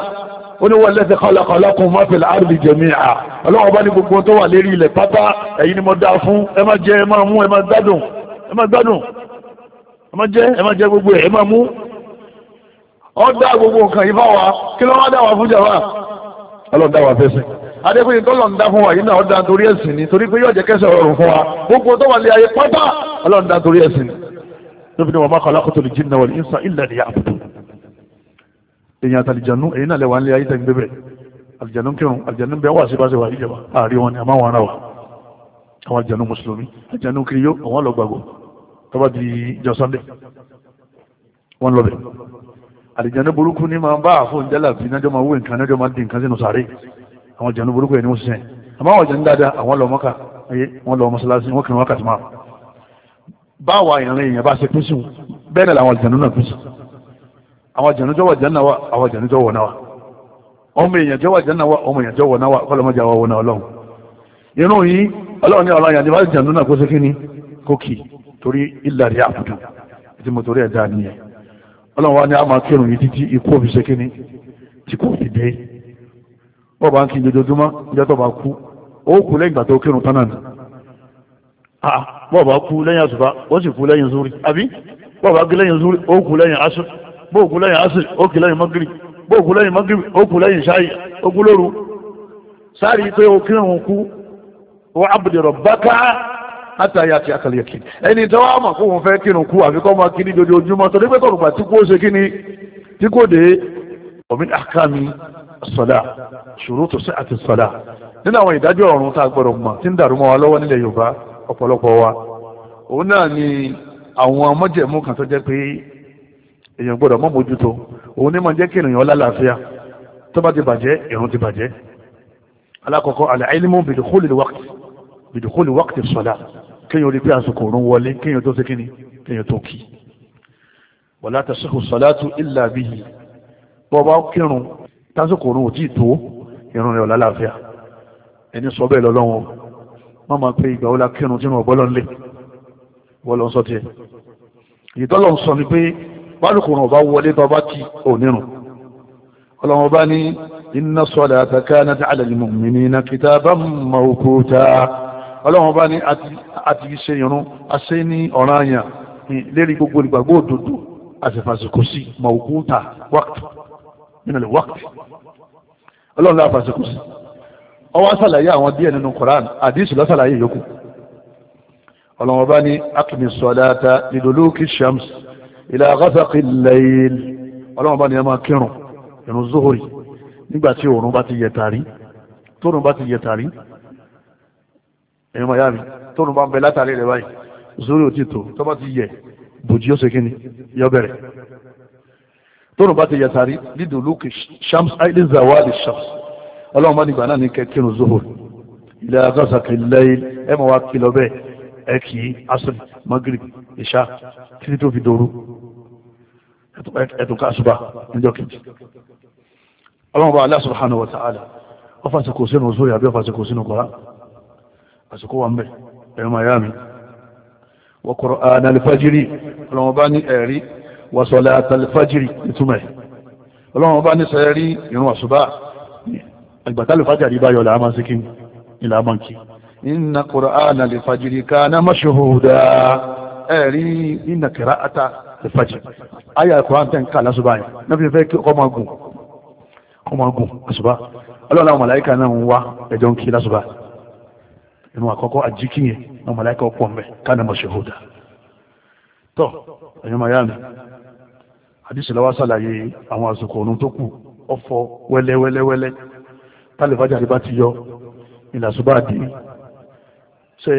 oníwọ̀lẹ́sẹ̀ kọlọ̀kọlọ́kùn mọ́fẹ̀lá àrùlì jẹ̀míà ọlọ́wọ́ bá ní gbogbo tó wà lérí ilẹ̀ pátá ẹ̀yin ni mo dá fún ẹ máa jẹ ẹ máa mú ẹ máa gbádùn ẹ máa gbádùn ẹ máa jẹ ẹ máa jẹ gbogbo ẹ máa mú ọ dá gbogbo nǹkan yìí fáwa kí ló wá dá wa fún jàmá ọlọ́run dá wa fẹ́sẹ̀ adékùnrin tó lọ́n dá fún wa yìí náà ó torí ẹ̀sìn èèyàn àtàlìjànú èyí náà lẹ́wà nílé ayé tẹ̀ ń gbé bẹ̀ àlìjànú kírun àlìjànú bẹ́ẹ̀ wà síbáṣe wà níjọba àárí wọn ni àmọ́ wọn ara wa àwọn àlìjànú mùsùlùmí àlìjànú kiri yó àwọn lọ gbàgbọ́ tọ́ba di jọ sunday wọ́n lọ bẹ̀ àlìjànú burúkú ní máa ń bá àfọ̀ ǹjẹ́là bí nájọ́ máa wé nǹkan nájọ́ máa di nǹkan sínú sàárè àwọn àlìjànú burúkú ẹ̀ ní wọ́n ṣiṣẹ́ àmọ́ àwọn àlìjànú dáadáa àwọn lọ mọ́ka ayé wọ́n lọ mọ́sálásí wọ́n kìrìn wákàtí máa báwa ìrìn àwọn àjẹ̀nú jọ́wọ́ wa àwọn àjẹ̀nú jọ́wọ́ náà wa ọmọ èèyàn jọ́wọ́ wa ọmọ èèyàn jọ́wọ́ náà wa kọ́lọ́mọ́jà wa oyi, ọlọ́run inú yìí ọlọ́run ní ọlọ́run yàtí bá jẹ̀nú náà kó sí kíní kókì torí ìlàrí àbùdù tí mo torí ẹ̀dá nìyẹn ọlọ́run wa ní a máa kírun yìí títí ikú òbí ṣe kíní tí kò fi dé bọ́ọ̀ bá ń kí jojoojúmọ́ ìjọ tó bá kú ó kú lẹ́yìn ìgbà tó kírun tán náà bá kú lẹ́yìn ó sì kú lẹ́yìn zúrí àbí bóòkú lẹ́yìn asiri ókè lẹ́yìn magiri bóòkú lẹ́yìn magiri ókú lẹ́yìn ṣáyì ókú lóru sáàrí pé o kí òun kú wọ́n abùdìrọ̀ bákà látàrí àti àkàlẹ̀kì ẹni tó wá mọ̀ kó òun fẹ́ kírun kú àfikọ́ máa kí ní dojoojúmọ́ tó dípẹ́ kọ̀rùpà tí kò ṣe kí ni tí kò dé omi àkàmì sọ̀dá ṣòro tó sí àti sọ̀dá nínú àwọn ìdájọ́ ọ̀run tá a gbọ́dọ̀ mọ̀ tí ń dàrú mọ́ wa lọ́wọ́ nílẹ̀ Yorùbá ọ̀pọ̀lọpọ̀ wa òun náà ni àwọn mọ́jẹ̀mú kan tó jẹ́ pé èèyàn gbọ́dọ̀ mọ́ mójútó òun ní máa jẹ́ kí ènìyàn lálàáfíà tó bá ti bàjẹ́ ìrun ti bàjẹ́ alákọ̀ọ́kọ́ al-ilmu bidukhul al-waqt bidukhul waqt as-salah kéèyàn orí pé àsìkò òun wọlé kéèyàn tó ṣe kíni kéèyàn tó kí wala tasihhu salatu illa bihi bọ́ bá kírun tásìkò òun ò tí ì tó ìrun rẹ̀ lálàáfíà ẹni sọ bẹ́ẹ̀ lọ́lọ́wọ́ wọ́n máa pe ìgbà wọlá kírun tí wọ́n bọ́ lọ́nlé wọ́n lọ́ sọ tiẹ̀ ìtọ́lọ́ sọ ni pé bálùkùrùn ọba wọlé tọba ti onírun ọlọ́run ọba ní inna salata kanat ala al-mu'minina kitaban mawquta ọlọ́run ọba ní àti ṣe irun àṣẹ ní ọ̀ranyàn lérí gbogbo ìgbàgbọ́ òdodo àṣẹfàṣẹkọ sí mawquta wákìtì nínú ilẹ̀ wákìtì ọlọ́run lọ́wọ́ àṣẹkọ sí ọwọ́ sàlàyé àwọn díẹ̀ nínú Qur'an àdìsù lọ́sàlàyé yòókù ọlọ́run ọba ní akimi salata liduluki shams ila ghasaqil layl ọlọ́run bá ní ẹ máa kírun ìrun zuhuri nígbà tí òòrùn bá ti yẹ tàrí tóòrùn bá ti yẹ tàrí ẹ̀yìn miami tóòrùn bá ń bẹ látàrí rẹ̀ báyìí zuhuri ò ti tò tó bá ti yẹ bòjì ó ṣe kí ni yọ bẹ̀rẹ̀ tóòrùn bá ti yẹ tàrí liduluki shams aili zawali shams ọlọ́run bá ní náà ní kẹ kírun zuhuri ila ghasaqil layl ẹ máa kìlọ bẹ́ẹ̀ ẹ kì magrib ìṣá títí tó fi dòru ẹ̀tùnká àṣùbà níjọ́ kejì ọlọ́run bá Allah subhanahu wa ta'ala ó fàṣekò sínú sórí àbí ó fàṣekò sínú kọ́rá àṣekò wà ń bẹ̀ ẹ̀rọ miami wa qur'ana al-fajri ọlọ́run bá ní ẹ̀rí wa salata ẹ̀rí inna qira'ata ìfàjì ayé àkùrán tẹ́ ń kà lásùbà yẹn náà fi fẹ́ kí ọmọ gùn ọmọ gùn àsùbà ọlọ́run àwọn màláìka náà ń wá ẹjọ́ ń kí lásùbà inú àkọ́kọ́ àjíkí yẹn àwọn màláìka ọ̀pọ̀ mẹ́ kánà mọ̀ ṣèhódà tọ́ ẹ̀yin máa yá mi àdìsí lọ́wọ́ sàlàyé àwọn àsìkò ọ̀run tó kù ọ̀fọ̀ wẹ́lẹ́wẹ́lẹ́wẹ́lẹ́ tálẹ̀ fàjà rí bá ti yọ ìlàsùbà dé ṣe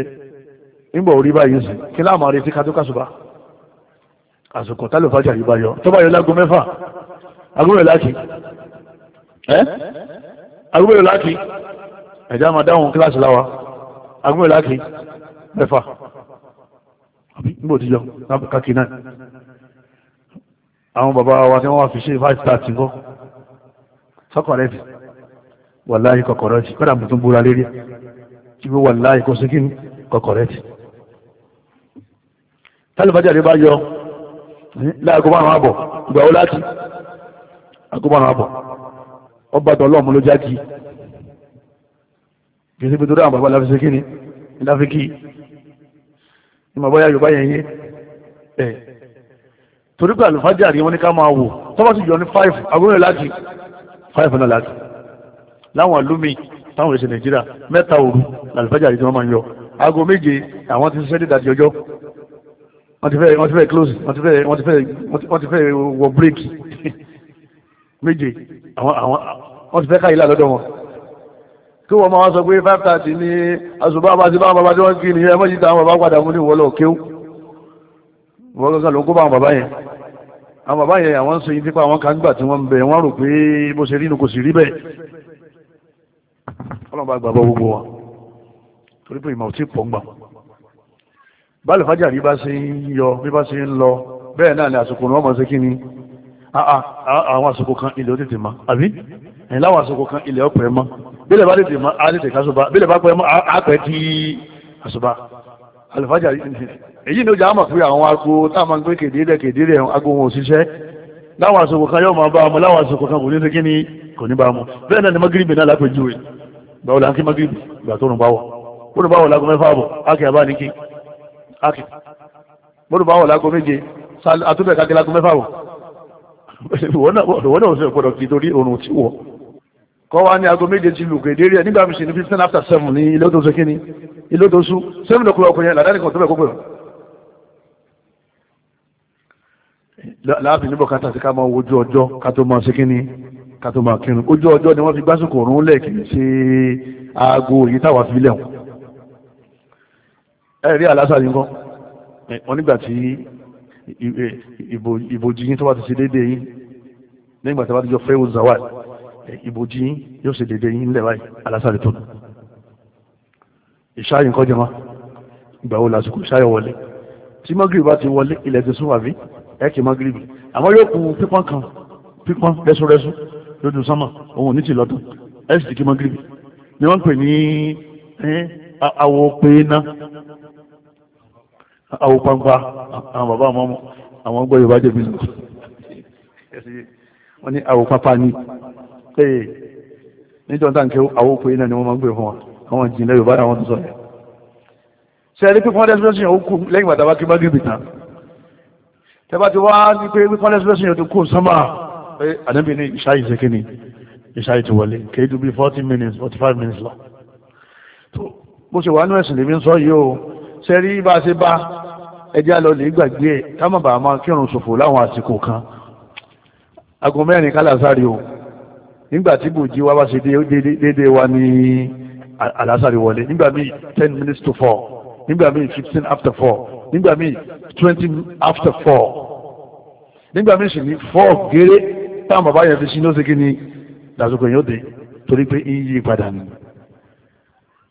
nígbà orí báyìí sí kí láàmú àrètí ká tó kásùbà àsìkò tálò fájà yìí bá yọ tó bá yọ lágo mẹ́fà agbóyè láti ẹ́ agbóyè láti ẹ̀já máa dáhùn kíláàsì láwa agbóyè láti mẹ́fà níbo ti yọ káàkiri náà àwọn bàbá wa tí wọ́n wá fi ṣe five stars ń kọ́ sọ́kọ̀rẹ́ ti wàláyé kọ̀kọ̀rẹ́ ti kọ́dà mo tún búra lérí tí wọ́n wàláyé kó sí kọ̀kọ̀rẹ́ ti tálò fájà yìí bá yọ láàgó márùn-ún àbọ̀ ìgbà wo láti àgó márùn-ún àbọ̀ ọba tó ọlọ́run ló jákì kì í sí pẹ̀tọ́ àwọn bàbá láfi ṣe kíni láfi kí ni màbá yá yorùbá yẹn yé ẹ torí pé àlùfájà rí wọn ní ká máa wò tọ́wọ́ sì yọ ní five agbóhùn láti five náà láti láwọn lómi táwọn èsì nàìjíríà mẹ́ta òru làlùfájà rí tí wọ́n máa ń yọ aago méje àwọn ti ṣiṣẹ́ dídàjì ọjọ́ wọ́n ti fẹ́ wọ́n ti fẹ́ close wọ́n ti fẹ́ wọ́n ti fẹ́ wọ́n ti fẹ́ wọ break méje àwọn àwọn wọ́n ti fẹ́ káyìí lọ́dọ̀ wọn kí wọ́n máa wá sọ pé five thirty ní àṣùbọ́ àbáṣe báwọn bàbá tí wọ́n kí nìyẹn mọ́jì tí àwọn bàbá padà mú ní ìwọ́lọ̀ kéwú wọ́n kankan ló ń kó bá àwọn bàbá yẹn àwọn bàbá yẹn àwọn ń sọ yìí nípa àwọn kan gbà tí wọ́n ń bẹ wọ́n rò pé bó ṣe rí nu kò sì rí bẹ́ẹ̀ ọlọ́run bá gbàgbọ́ gbogbo wa torí pé ìmọ̀ ò tí pọ̀ ń gbà wọn báàlì fájàrí bá ṣe ń yọ bí bá ṣe ń lọ bẹ́ẹ̀ náà ni àsìkò ní wọ́n máa ṣe kí ni ah, ah, ah, àwọn àsìkò kan ilẹ̀ ó tètè mọ́ àbí ẹ̀yìn láwọn àsìkò kan ilẹ̀ ọ̀pẹ̀ mọ́ bílẹ̀ bá tètè mọ́ á tètè kásùbà bílẹ̀ bá pẹ́ mọ́ á pẹ́ tí àsùbà àlùfájàrí èyí ni ó jẹ́ àmọ̀ pé àwọn aago tá a máa ń gbé kèdèrè kèdèrè aago wọn ò ṣiṣẹ́ láwọn àsìkò kan yóò máa bá ọmọ láwọn àsìkò kan kò ní ṣe kí ni kò ní bá ọmọ bẹ́ẹ̀ náà ni magiribi náà lápẹjú rẹ̀ gbàwó là ń kí magiribi gbà tó rùn báwọ̀ ó rùn báwọ̀ lágọ́ mẹ́fà àbọ̀ á kì í abá ní kí ákì bọ́dù bá wọ̀ lágo méje àtúbẹ̀ kákẹ́ lágo mẹ́fà wọ̀ ìwọ́n náà ṣe gbọ́dọ̀ kì í torí oòrùn tí wọ̀ kọ́ wa ní aago méje ti lù gèdè rí ẹ nígbà mi sì ní fifteen after seven ní ilé tó ṣe kíni ilé tó ṣú seven o'clock ọkùnrin yẹn làdáni kan tó bẹ̀ kó pè wọ́n. láàbì níbọ̀ ká tàbí ká máa wojú ọjọ́ ká tó máa ṣe kíni ká tó máa kírun ojú ọjọ́ ni wọ́n fi gbásùkò òórùn lẹ̀ kì í ṣe aago èyí táwa fi lẹ̀ ẹ̀rí alásàrí nǹkan wọ́n nígbà tí ìbòjì yín tó bá ti ṣe déédéé yín nígbà tí wọ́n ti jọ fẹ́ òzàwà ìbòjì yín yóò ṣe déédéé yín lẹ́wàá alásàrí tó nù ìṣáyìn kọjọ ma ìgbà wo lásìkò ìṣáyìn wọlé tí magrib bá ti wọlé ilẹ̀ ti sún àbí ẹ̀kì magrib àmọ́ yóò kú pípọ́n kan pípọ́n rẹ́súrẹ́sú lójú sánmà òun ní ti lọ́dún ẹ̀sì ti kí magrib ni wọ́n pè ní àwọ̀ pé iná awo pampa àwọn bàbá àwọn ọmọ àwọn gbọ́ yorùbá jẹ̀bi lò wọ́n ní awo pampa ni ee níjọ́ tá n kí awo pé náà ni wọ́n máa ń gbé fún wa àwọn ìjìnlẹ̀ yorùbá àwọn tó sọ̀rọ̀ ṣe ẹni pé kọ́ndẹ́sì lọ́sìn yóò kú lẹ́yìn bàtà bá kí bá gébì tán tẹ́bá ti wá ní pé kọ́ndẹ́sì lọ́sìn yóò ti kú sánmà pé ànábì ní ìṣá yìí ṣekí ni ìṣá ti wọlé kéé bí forty minutes forty five minutes lọ. bó ṣe wà nínú ẹ̀sìn lèmi ń sọ yìí o sẹ́rí bá a ṣe bá ẹjẹ́ lọ lè gbàgbé ẹ̀ kámọ̀ bàá máa kírun ṣòfò láwọn àsìkò kan aago mẹ́rin kálásárì o nígbà tí bòjí wa bá ṣe déédéé wa ní àlásárì wọlé nígbà míì ten minutes to four nígbà míì fifteen after four nígbà míì twenty after four nígbà míì sì ní four géré táwọn bàbá yẹn fi sí ló ṣe kí ni lásìkò yóò dé torí pé iye padà ni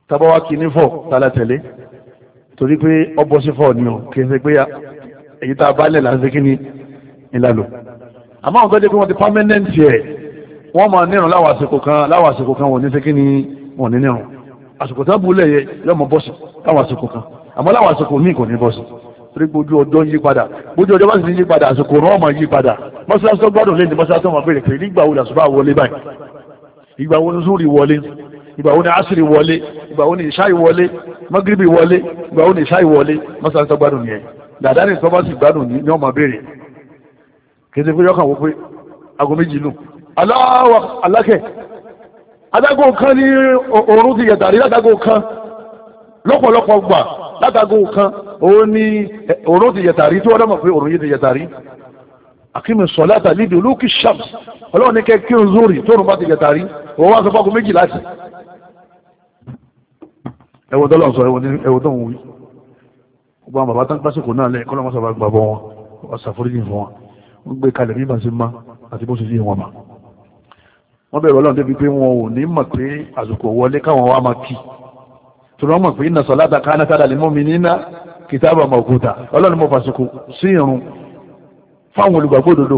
tábọ́wá kì í ní four tálá torí pé ọbọ̀ sí fọ́ ni ọ kì í ṣe pé èyí tá a bá lẹ̀ láti kí ni ìlàlò àmọ́ àwọn tọ́jú pé wọ́n ti pámẹ́nẹ́ǹtì ẹ̀ wọ́n máa nírun láwọn àsìkò kan láwọn àsìkò kan wọ́n ní ṣe kí ni wọ́n ní nírun àsìkò tó búlẹ̀ yẹ yọmọ bọ́sì láwọn àsìkò kan àmọ́ láwọn míì kò ní bọ́sì torí gbójú ọjọ́ yí padà gbójú ọjọ́ bá sì yí padà àsìkò rán ọmọ yí padà mọ́sálásí tó lẹ́yìn mọ́sálásí máa bèrè pé nígbà wo làṣùbà wọlé báyìí ìgbà wo ni zúrì wọlé ìgbà wo ni àṣírí wọlé ìgbà wo ni ìṣáì wọlé mọ́gíríbì wọlé ìgbà ó ní ṣáì wọlé mọ́sálásí tó gbádùn nìyẹn dàdá ní tọ́ba sì gbádùn ní ní ọmọ béèrè kété pé yọkàn wọ pé aago méjì lù aláwọ alákẹ adágò kan ní òórùn ti yàtàrí ládágò kan lọ́pọ̀lọpọ̀ gbà ládágò kan òun ní òórùn ti yàtàrí tí wọ́n dọ́mọ̀ pé òórùn yìí ti yàtàrí akíni sọ̀láta lídìí olókì shams ọlọ́run ní kẹ́ kírun zórí tóorùn bá ti yàtàrí òun wá sọ fún aago méjì láti ẹwọ tó lọ́n sọ ẹwọ tó ń wí gbogbo àwọn bàbá tó ń pásìkò náà lẹ́yìn kọ́lọ́mọ́ sábà gbà bọ́ wọn wọ́n ṣàforíjì fún wọn wọ́n gbé kalẹ̀ bí ìbànsí má àti bó ṣe yé wọn mà wọ́n bẹ̀rù ọlọ́run débi pé wọn ò ní mọ̀ pé àsìkò wọlé káwọn wa máa kì tòun wọn mọ̀ pé iná sọ̀lá àtàkà náà sádà lè mọ́ mi níná kìtàbà mọ̀ òkúta ọlọ́run mọ̀ fàṣìkò sí irun fáwọn olùgbàgbọ́ òdodo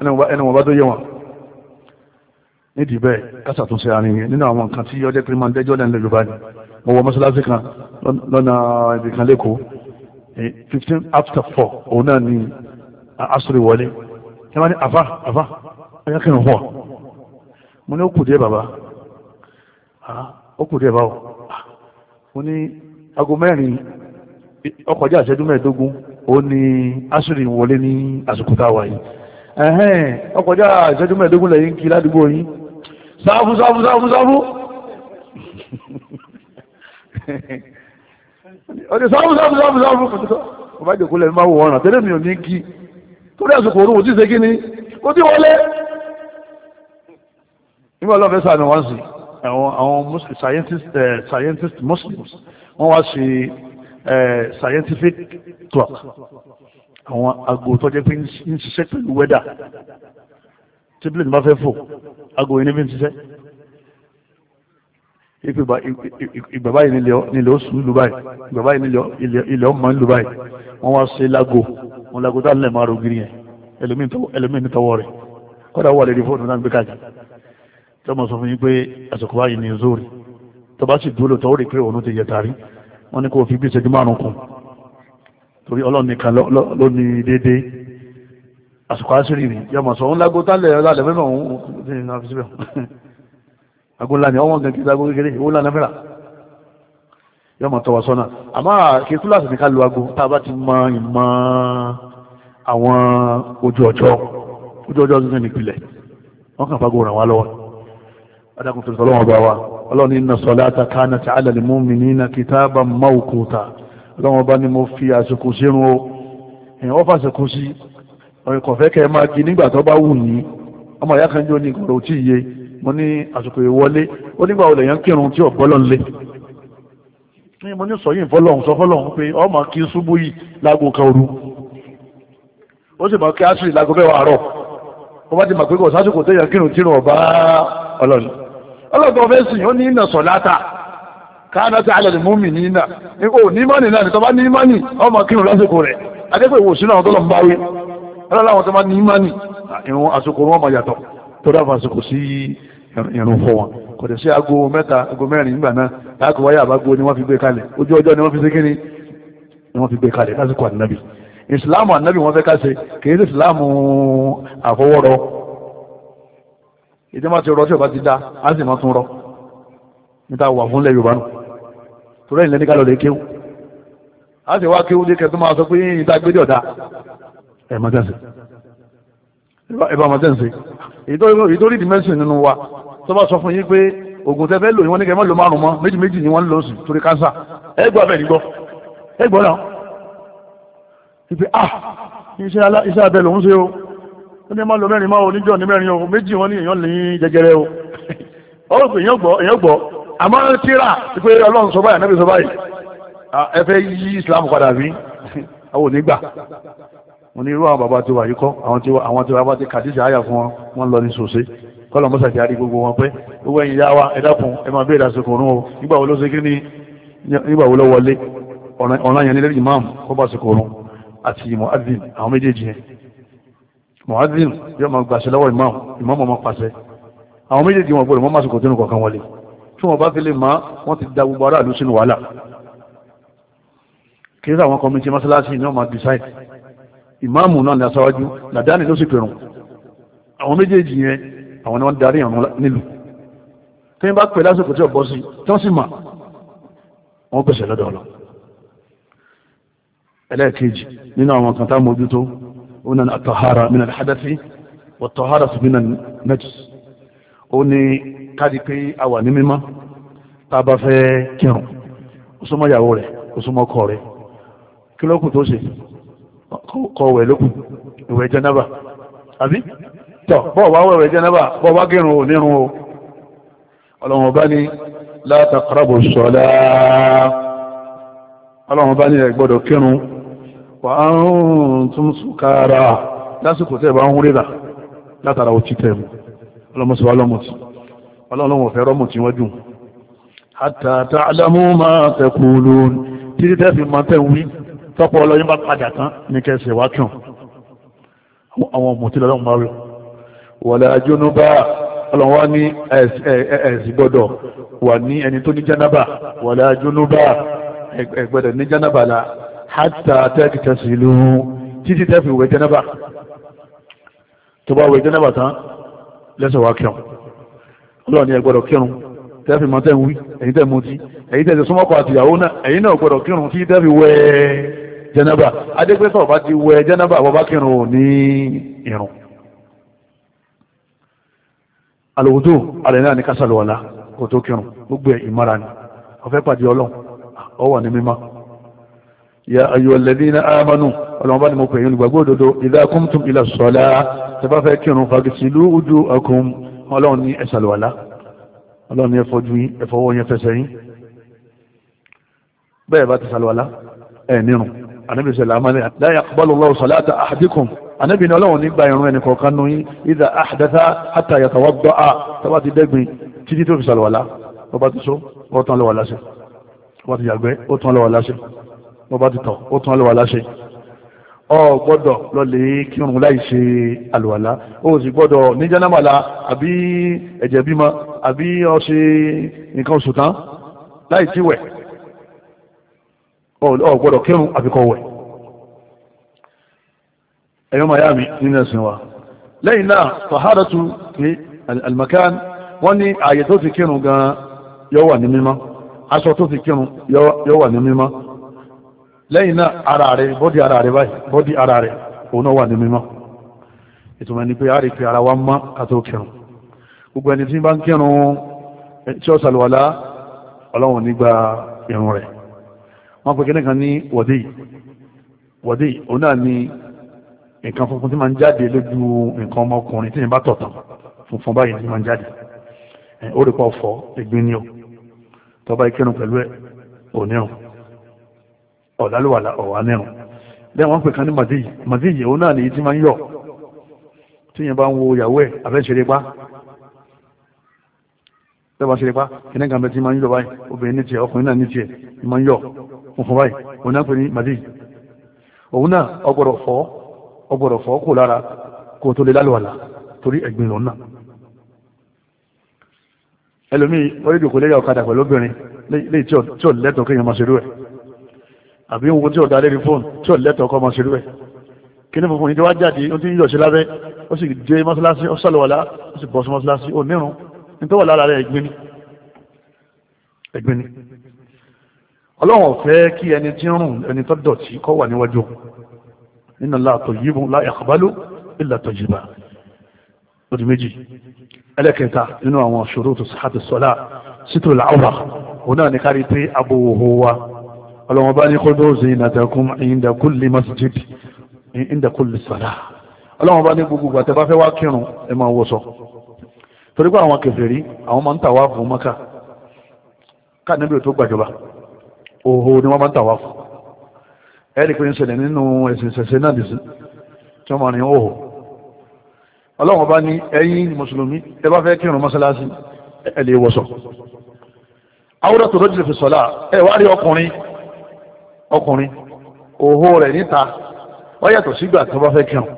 àwọn nídìí bẹ́ẹ̀ kásàtúnṣe àárín yẹn nínú àwọn nǹkan tí ọjọ́ pé máa ń dẹ́jọ́ lẹ́nu Yorùbá ni mo wọ mọ́ṣáláṣí kan lọ́nà ibì kan lẹ́kọ̀ọ́ fifteen after four òun náà ni asúrì wọlé ẹ máa ní àfà àfà ẹ̀yà kìnnìún hùwà mo ní ó kù díẹ̀ bàbá ó kù díẹ̀ báwò mo ní aago mẹ́rin ọkọ̀já ìṣẹ́jú mẹ́ẹ̀ẹ́dógún ó ní asúrì wọlé ní àsìkò táwa yìí ọkọ̀já ìṣẹ́jú mẹ́ẹ̀ẹ́dógún lẹ́yìn kí ládùúgbò yìí sọ́fú sọ́fú sọ́fú sọ́fú ó ti sọ́fú sọ́fú sọ́fú sọ́fú kò bá jòkó lẹ́nu máa wọ ọ̀ràn tẹ́lẹ̀ mi ò ní kí torí àsìkò orun òtí ṣe kí ni ó ti wọlé nígbà ọlọ́fẹ́ sàmì wọ́n sì àwọn scientist eh, scientist muslims wọ́n wá sí eh, scientific talk àwọn àgbò tó jẹ́ pé ń ṣiṣẹ́ pẹ̀lú weather tí plane bá fẹ́ fò aago yìí níbi ń ṣiṣẹ́ ìgbà báyìí nílẹ̀ ó sùn lù báyìí ìgbà báyìí ilẹ̀ ó mọ̀ ń lù báyìí wọ́n wá ṣe lágo wọn lágo tá nílẹ̀ máa rògiri yẹn ẹlòmíì nítọwọ́ rẹ̀ kọ́dà wà lórí fóònù náà gbé káàkiri tí wọ́n sọ fún yín pé àsìkò báyìí ní zóòrì tó bá sì dúró tó rí pé òun ti yẹ tàrí wọ́n ní kó fi bí ìṣẹ́jú márùn-ún kù torí ọlọ́run nìkan ló déédéé àsìkò àṣírí ni yọmọ sọ òun lágó tálẹ̀ ọlá àlẹ́ mẹ́fà òun ti ní náà fi síbẹ̀ agó ńlá ni ọwọ́n gan kíkà agó kékeré òun lànà fẹ́ra yọmọ tọwọ́ sọ́nà àmọ́ kíkú láti ní ká lu agó tá a bá ti mọ ìmọ̀ àwọn ojú ọjọ́ ojú ọjọ́ tuntun nípìnlẹ̀ wọ́n kàn fagó ràn wá lọ́wọ́ adákùn tó sọlọ́wọ́n bá wa ọlọ́run ní inna salata kanat ala al-mu'minina kitaban mawquta ọlọ́run bá ní mo fi àsìkò sírun o ẹ̀yìn wọ́n fàṣẹkù sí ọ̀rẹ́kọ̀fẹ́ kẹ́ máa gi nígbà tó bá wù ọmọ ìyá kan ní ìkọ̀rọ̀ òtí iye mo ní àsìkò ìwọlé ó nígbà olè yẹn kírun tí ọ̀gbọ́lọ́ nlé ní mo ní sọ yìí fọlọ́hún sọ fọlọ́hún pé mọ kí asiri láago mẹ́wàá àárọ̀ ó bá ti mọ̀ pé kò sásìkò tó yẹn kírun tírun ọ̀bá fẹ́ sìn ó ní ìnà ẹlọ́lá àwọn tó máa ní ìmánì ìrún àsìkò wọn máa yàtọ̀ tó dáfà àsìkò sí ìrún fún wọn kò dẹ̀ sí aago mẹ́ta aago mẹ́rin nígbà náà láàkó wáyà àbágbó ni wọ́n fi gbé kalẹ̀ ojú ọjọ́ ni wọ́n fi ṣe kíni ni wọ́n fi gbé kalẹ̀ lásìkò ànábì ìsìláàmù ànábì wọn fẹ́ ká ṣe kì í sí ìsìláàmù àfọwọ́rọ́ ìdí máa ti rọ tí ọba ti dá á sì máa tún rọ níta wà fúnlẹ̀ yorùbá nù torí ẹ̀yìn lẹ́ni ká lọ lè kéwù á sì wá kéwù dé kẹ́tọ́ máa sọ pé ìta gbé dé ọ̀dà ẹ̀ máa tẹ̀sí ẹ̀ bá máa tẹ̀sí ìtorí dimension nínú wa tó bá sọ fún yín pé oògùn tẹ́fẹ́ lò wọ́n ní kẹ́ mọ́ lo márùn mọ́ méjì méjì ni wọ́n ń lò sí torí kánsà ẹ gbọ́ abẹ́ nígbọ́ ẹ gbọ́ náà ìpè ah iṣẹ́ abẹ lòún ṣe o ó ní máa lo mẹ́rin máa oníjọ́ ní mẹ́rin o méjì wọ́n ní èèyàn ní jẹjẹrẹ o ọ̀rọ̀ pé èèyàn gbọ́ èèyàn gbọ́ àmọ́ tíra pé ọlọ́run sọ báyìí ànábì sọ báyìí ah, ẹ fẹ́ yí Islam padà bí àwọn ò ní gbà wọn ní irú àwọn bàbá tí wà yìí kọ́ àwọn tí àwọn tí bàbá ti kàdísì àyà fún wọn wọn lọ ní sòsè kọ́lọ̀ mọ́sà ti àrí gbogbo wọn pé owó ẹ̀yìn yá wa ẹ̀dàkùn ẹ máa bèèrè àsìkò òrùn o nígbà wo ló ṣe kí ni nígbà wo ló wọlé ọ̀nà yẹn nílẹ̀ imam kó bá àsìkò òrùn àti muhazin àwọn méjèèjì yẹn muhazin yóò máa gbàṣẹ lọ́wọ́ imam imam máa pàṣẹ àwọn méjèèjì wọn gbọdọ̀ mọ́ máa sòkò tínú kọ̀ọ̀kan wọlé tí wọn bá fi lè máa wọn ti da gbogbo aráàlú sínú wàhálà kí ìmáàmù náà ní aṣáájú làdáni ló sì pẹ̀rùn àwọn méjèèjì yẹn àwọn ni wọ́n darí àwọn nílùú tí wọ́n bá pè lásìkò tí ọ̀bọ sí tí wọ́n sì mà wọ́n pèsè lọ́dọ̀ ọ̀lọ́ ẹlẹ́ẹ̀kejì nínú àwọn kan tá mójútó ó nà àtọ̀hárà mí nàlẹ́ hadathi wọ̀tọ̀hárà sí mí nà najis ó ní káàdì pé a wà ní mímọ́ tá a bá fẹ́ kírun ó súnmọ́ ìyàwó rẹ̀ ó súnmọ́ ọkọ rẹ̀ kí tó ṣe kọ wẹ̀ lókun ìwẹ̀ jẹnaba àbí tọ bọ́ọ̀ wá wẹ̀wẹ̀ jẹnaba bọ́ọ̀ wá gẹ̀rùn ò nírun o ọlọ́run ọba ní la taqrabu sọ́lá ọlọ́run ọba ní ẹ gbọ́dọ̀ kírun wà á ń tún sùkára lásìkò tẹ́ bá ń rírà látara òtí tẹ̀ mú ọlọ́mọsí wa lọ́mọsí tọ́pọ̀ ọlọ́yìn bá padà tán ní kẹsẹ̀ wá tún àwọn ọmọ tí lọ́wọ́ máa rẹ̀ wọ̀lẹ̀ àjọnúbá ọlọ́wọ́ ní ẹ̀sì gbọ́dọ̀ wà ní ẹni tó ní jánábà wọ̀lẹ̀ àjọnúbá ẹgbẹ̀dẹ̀ ní jánábà la hátà tẹ́ẹ̀kì tẹ̀sí ìlú títí tẹ́ẹ̀fì wẹ̀ jánábà tó bá wẹ̀ jánábà tán lẹ́sẹ̀ wá kírun ọlọ́wọ́ ní ẹgbọ́dọ̀ kírun tẹ́ẹ̀fì mọ́tẹ́ ń wí ẹ̀yin tẹ́ẹ̀ mutí ẹ̀yin tẹ́ẹ̀ jẹ́nẹ́bà adégbèsọ̀ ọba ti wẹ jẹ́nẹ́bà bọ́bá kírun ò ní irun alòwòdó alẹ́ náà ní kásàlùwàlá kò tó kírun gbogbo ẹ̀ ìmára ni ọ̀fẹ́ pàdé ọlọ́run ọwà ní mímá ya ayyuhal ladhina amanu ọlọ́run bá ní mo pè yín olùgbàgbọ́ òdodo idha qumtum ila salah tẹ́bá fẹ́ kírun fagisilu wujuhakum ọlọ́run ní ẹ̀sàlùwàlá ọlọ́run ní ẹfọ́jú yín ẹfọwọ́ yẹn fẹsẹ̀ yín bẹ́ẹ̀ bá ti sàlùwàlá ẹ̀ nírun anabi sọlá amani la yaqbalu Allahu salata ahadikum anabi ní ọlọ́run nígbà irun ẹni kọ̀ọ̀kan nù yín idha ahdatha hatta yatawadda'a tọ́ba ti dẹ́gbin títí tó fi sàlùwàlá ọba ti so ó tán lọ́wọ́ láṣẹ ọba ti yàgbẹ́ ó tán lọ́wọ́ láṣẹ ọba ti tọ̀ ó tán lọ́wọ́ láṣẹ ọ gbọ́dọ̀ lọlẹ kírun láì ṣe àlùwàlá ó sì gbọ́dọ̀ ní jánámàlà àbí ẹ̀jẹ̀ bímọ àbí ọṣẹ nǹkan oṣù tán láì tíwẹ̀ ọ gbọ́dọ̀ kírun àfikọ́ wẹ̀ ẹ̀yọ́ miami nínú ẹ̀sìn wa lẹ́yìn náà fàhádàtú ní almakan wọ́n ní ààyè tó ti kírun gan yóò wà ní mímọ́ aṣọ tó ti kírun yóò wà ní mímọ́ lẹ́yìn náà ara rẹ̀ bọ́dí ara rẹ̀ báyìí bọ́dí ara rẹ̀ òun náà wà ní mímọ́ ni pé a rí pé ara wa mọ́ àtó kírun gbogbo ẹni tí bá ń wọ́n pe kíní kan ní wọ̀dí wọ̀dí òun náà ni nǹkan funfun tí máa ń jáde lójú nǹkan ọmọkùnrin tí yẹn bá tọ̀tàn funfun báyìí tí máa ń jáde ó rí pọ̀ fọ́ ẹ̀gbin ni o tọ́ba ìkírun pẹ̀lú ẹ̀ ònírun ọ̀làlúwàlà ọ̀wà nírun lẹ́yìn wọ́n pè kan ní màdíyì màdíyì òun náà nìyí tí máa ń yọ̀ tí yẹn bá ń wo ìyàwó ẹ̀ abẹ́ṣerépa lẹ́wọ̀n ṣerépa kíní kan bẹ tí máa ń yọ̀ báyìí obìnrin ní tiẹ̀ ọkùnrin náà ní tiẹ̀ máa ń yọ̀ funfun báyìí òun náà pè ní madi òun náà ọgbọ̀rọ̀ fọ́ ọgbọ̀rọ̀ fọ́ kò lára kò tó lè lálùwàlà torí ẹ̀gbìn lọ́nà ẹlòmíì orí ìdòkò lẹ́yà ọ̀kadà pẹ̀lú obìnrin léyìí tí ò lẹ́tọ̀ọ́ kéèyàn máa ṣerú ẹ̀ àbí ohun tí ò dá lérí fóònù tí ò lẹ́tọ̀ọ́ kọ́ máa ṣerú ẹ̀ kí ní funfun yìí tí wá jáde ó ti ń yọ̀ sí lábẹ́ ó sì dé mọ́ṣáláṣí ó sàlùwàlá ó sì bọ́ sí mọ́ṣáláṣí ó nírun nítorí wà lára rẹ̀ ẹ̀gbin ni ẹ̀gbin ni ọlọ́run ọ̀fẹ́ kí ẹni tí ń rùn ẹni tó dọ̀tí kọ́ wà níwájú nínú láàtọ̀ yíbùn la yaqbalu illa tayyiba lórí méjì ẹlẹ́kẹta nínú àwọn shurutu sihhati sọ́lá sítò làwà òun náà ní kárí pé abòwò wa ọlọ́run bá ní khudhu zinatakum inda kulli masjid inda kulli salah ọlọ́run bá ní gbogbo gbàtẹ́ bá fẹ́ wá kírun ẹ máa wọṣọ torí pé àwọn kèfèrí àwọn máa ń tàwa fún maka káà níbi ò tó gbàjọba Oho ni wọ́n bá ń tàwa kù ẹ̀rí pé ń ṣẹlẹ̀ nínú ẹ̀sìn ìṣẹ̀ṣẹ̀ náà dìsí tí wọ́n máa rìn òhò ọlọ́run bá ní ẹ̀yin mùsùlùmí ẹ bá fẹ́ kírun mọ́sálásí ẹ lè wọ̀sọ̀ awúrẹ́ tó lójú fi sọ̀lá ẹ wá rí ọkùnrin ọkùnrin òhò rẹ̀ níta wọ́n yàtọ̀ sígbà tó bá fẹ́ kírun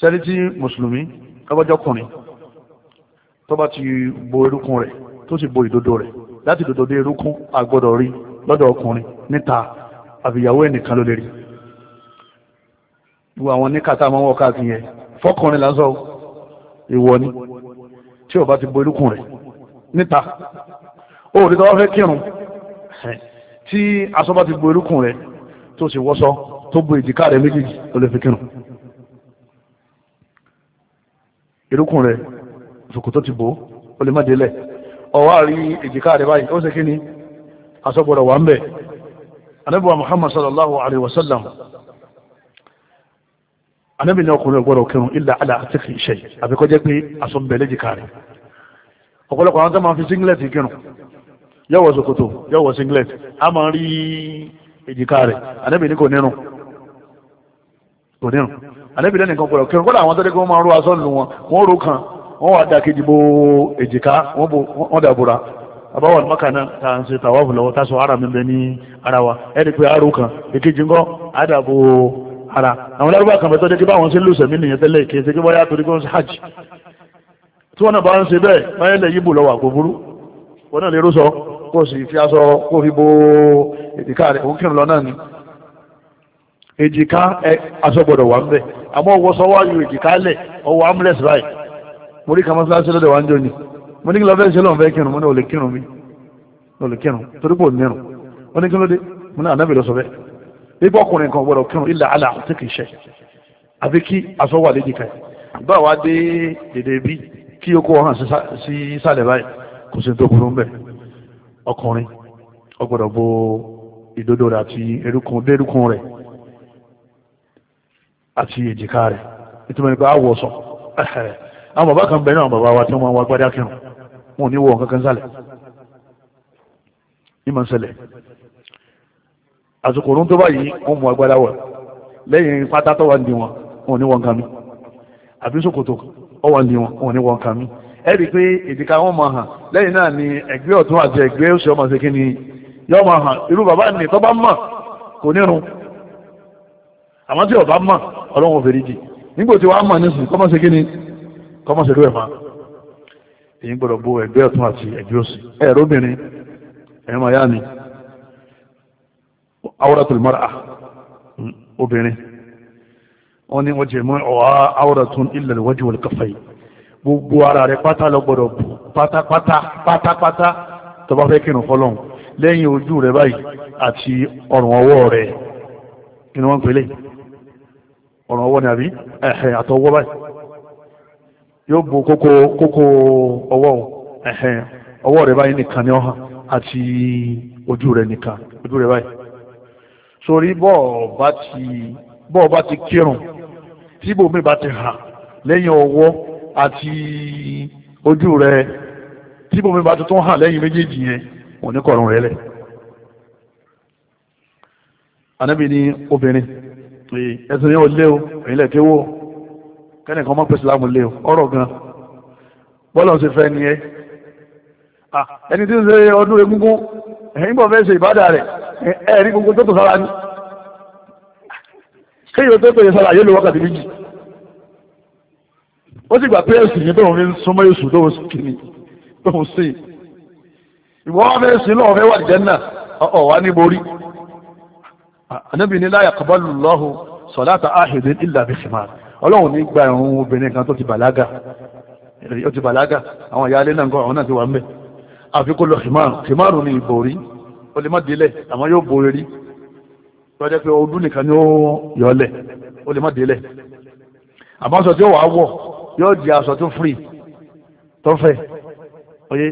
sẹ́ni tí mùsùlùmí ọbọ̀jọ́kùnrin tó bá ti bo erúkún rẹ̀ tó sì bo ìdodo rẹ̀ láti dòdòdó irúkún àgbọ̀dọ̀ rí lọ́dọ̀ ọkùnrin níta àbíyàwó ẹnìkan ló lè rí gbogbo àwọn níkàtà máa ń wọ́n káàkiri yẹn fọ́kùnrin lásán ìwọ ni tí o bá ti bo irúkún rẹ̀ níta ó rí tọ́wọ́ fẹ́ kírun tí aṣọ bá ti bo irúkún rẹ̀ tó sì wọ́sọ tó bo ìdíkà rẹ̀ méjèèjì ó lè fi kírun irúkún rẹ̀ ṣòkòtò ti bò ó lè má délẹ̀ ọwá rí èjìká rẹ̀ báyìí ó sì kí ni asọ́gbọ̀rọ̀ wà ń bẹ̀ anábíwa muhammad sallallahu alaihi wasallam anábí ní ọkùnrin ọgbọ̀rọ̀ kírun ilẹ̀ alá àti kì í ṣe àbíkọ́ jẹ́ pé asọ́mbẹ̀ léjìká rẹ̀ ọ̀pọ̀lọpọ̀ àwọn tó máa fi singlet kírun yọ̀wọ̀ ṣòkòtò yọ̀wọ̀ singlet a máa rí èjìká rẹ̀ anábí ní kò nírun kò nírun anábí lẹ́nìkan ọgbọ̀rọ̀ kírun kọ́lá àwọn tó dé kí wọ́n máa rú asọ́ nù wọn wọ́n rú kan wọ́n wà dá bó èjìká wọ́n dàbúra àbáwọ̀ maka náà ta ń ṣe tàwáfù lọ́wọ́ ara mi ní ara wa ẹni pé aró kan èkejì àdàbò ara àwọn lárúbá kan bẹ̀tọ́ báwọn lùsẹ̀ mí nìyẹn tẹ́lẹ̀ kí wọ́n torí kí wọ́n hajj tí wọ́n náà bá ń bẹ́ẹ̀ lẹ̀ yíbù kò burú wọ́n náà lè rú sọ kó sì fi aṣọ kó fi mo rí kan mọ́sálásí lọ́dọ̀ wa ń jọ ni mo ní kí lọ́fẹ́ ṣe lọ́n fẹ́ kírun mo ní olè kírun mi olè kírun torí pò nírun ó ní kí ló dé mo ní ànábì lọ sọ bẹ́ẹ̀ ipò ọkùnrin kan gbọdọ̀ kírun ilà àlà tí kì í ṣe àfi kí aṣọ wà léjì kan ìbá wa dé dèdè bí kí ó kó hàn sí sàlẹ̀ báyìí kò sí tó burú bẹ́ẹ̀ ọkùnrin ó bo ìdodo rẹ̀ àti erukun dérukun rẹ̀ àti èjìká rẹ̀ nítorí pé àwọ̀ sọ àwọn bàbá kan bẹ̀rẹ̀ àwọn bàbá wa tí wọ́n wá gbádá kírun wọn ò ní wọ kankan sálẹ̀ ní màá ṣẹlẹ̀ àsìkò orun tó báyìí wọ́n mú agbádá wọ̀ lẹ́yìn pátá tó wà ní wọn wọn ò ní wọn kan mi àbí ṣòkòtò ọ wà ní wọn wọn ní wọn kan mi ẹ rí i pé èdèkà wọn máa hàn lẹ́yìn náà ni ẹ̀gbẹ́ ọ̀tún àti ẹ̀gbẹ́ òsì ọmọ ṣe kí ni yọ máa hàn irú bàbá ni tó bá mọ̀ kò nírun àmọ́ tí ọba mọ̀ ọlọ́run fèrè jì nígbò tí wàá mọ̀ nísìnyí kọ́mọ́ ṣe kí ni kọ́mọ̀sẹ̀lú ẹ̀ máa èyí gbọ́dọ̀ bó ẹgbẹ́ ọ̀tún àti ẹgbẹ́ òsì ẹ̀rọ obìnrin ẹ̀yìn máa yá ni awratul mar'a hmm, obìnrin wọ́n ní wọ́n jẹ́ mọ́ ọ̀há awratun illa al-wajhu wal-kaffayn gbogbo ara rẹ̀ pátá lọ gbọ́dọ̀ bù pátápátá pátápátá tó bá fẹ́ kírun fọlọ́hún lẹ́yìn ojú rẹ̀ báyìí àti ọ̀rùn ọwọ́ rẹ̀ kí ni wọ́n ń pè ọ̀rùn ọwọ́ ni àbí ẹ̀hẹ̀ àtọwọ́ báyìí yóò bo kókó kókó ọwọ́ ẹ̀hẹ̀n ọwọ́ rẹ̀ báyìí nìkan ni ọ hàn àti ojú rẹ̀ nìkan ojú rẹ̀ báyìí sórí bọ́ọ̀ bá ti kírun tíbò mi bá ti hàn lẹ́yìn ọwọ́ àti ojú rẹ̀ tíbò mi bá ti tún hàn lẹ́yìn méjèèjì yẹn òní kọ̀ọ̀rùn rẹ̀ lẹ̀ anábì ni obìnrin ẹ̀sìn yẹn ò lé o èyí lẹ̀ kéwò kẹ́nìkan mọ́ pé ìsìlámù lé o ọ̀rọ̀ gan bọ́lọ̀ ṣe fẹ́ ni ẹ ẹni tí ń ṣe ọdún egúngún ẹ̀yìn bọ̀ fẹ́ ṣe ìbádà rẹ̀ ẹ̀rí gbogbo tó tò sára ní kéyìí tó tòye sára yóò lè wákàtí méjì ó sì gbà pé ẹ̀sìn yìí tóun fi súnmọ́ èṣù tóun sì kìíní tóun sì ìwọ́n fẹ́ sí lọ́wọ́ fẹ́ wà jẹ́nà ọ̀ wá ní borí ànábì láyà kọbálù lọ́hùn sọ̀láta ọlọ́run ní gba ìrun obìnrin kan tó ti bàlágà ó ti bàlágà àwọn ìyá alẹ́ náà nǹkan àwọn náà ti wà ń bẹ̀ àfikún lọ ṣìmáàrùn ṣìmáàrùn ní ìbòrí ó lè má délẹ̀ àmọ́ yóò borí rí lọ́jọ́ pé ọdún nìkan ni ó yọlẹ̀ ó lè má délẹ̀ àmọ́ aṣọ tí ó wà wọ̀ yóò di aṣọ tó firi tó fẹ́ oyé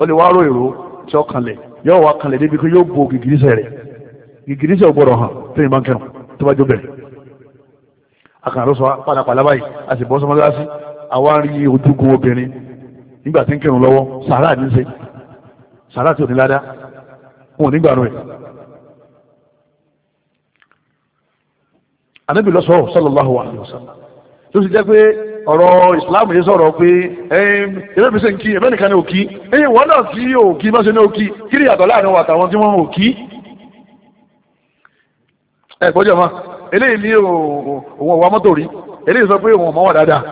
ó lè wá ró èrò tí ó kanlẹ̀ yóò wá kanlẹ̀ débi pé yóò bo gìgìrísẹ̀ rẹ̀ gìgìrísẹ̀ ò gbọ́dọ̀ hàn tó yìnbọn tó bá jó bẹ̀rẹ̀ akànlọ́sọ pàlàpàlà báyìí a sì bọ́ sọmọdásí àwa rí ojúkun obìnrin nígbà tí ń kírun lọ́wọ́ sàárà ní ṣe sàárà tí ò ní ládá wọn sallallahu alaihi wasallam tó sì jẹ́ pé ọ̀rọ̀ ìsìláàmù yìí sọ̀rọ̀ pé ẹ̀ẹ́n ṣe ń kí ẹ̀mẹ́ nìkan ní òkí náà tí òkí bá ṣe ní òkí kí ni láàrin wa eléyìí ní òun ọ̀wá mọ́tò rí eléyìí sọ pé òun ọ̀mọ́ wà dáadáa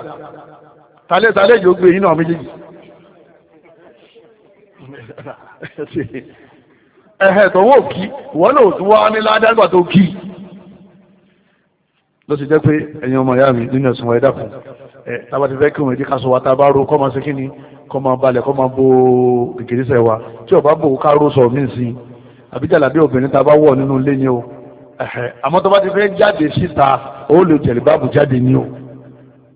talẹ́ talẹ́ yóò gbé yín náà méjèèjì ẹ̀hẹ̀ tó wò kí wọ́n náà tún wá ní ládàgbà tó kí ló ti jẹ́ pé ẹ̀yin ọmọ ìyá mi nínú ẹ̀sùn ẹ̀dá kan ẹ̀ tábà ti fẹ́ kí òun èdè ká sọ wa tábà ro kọ́ máa ṣe kí ni kọ́ máa balẹ̀ kọ́ máa bo gègèrè sẹ̀ wa tí ọba bò ká ró sọ mí sí àbíjàlá bí obìnrin tábà wọ̀ nínú ilé ni o àmọ́ tó bá ti fẹ́ jáde síta ó lè jẹ̀lìbáàbù jáde ní o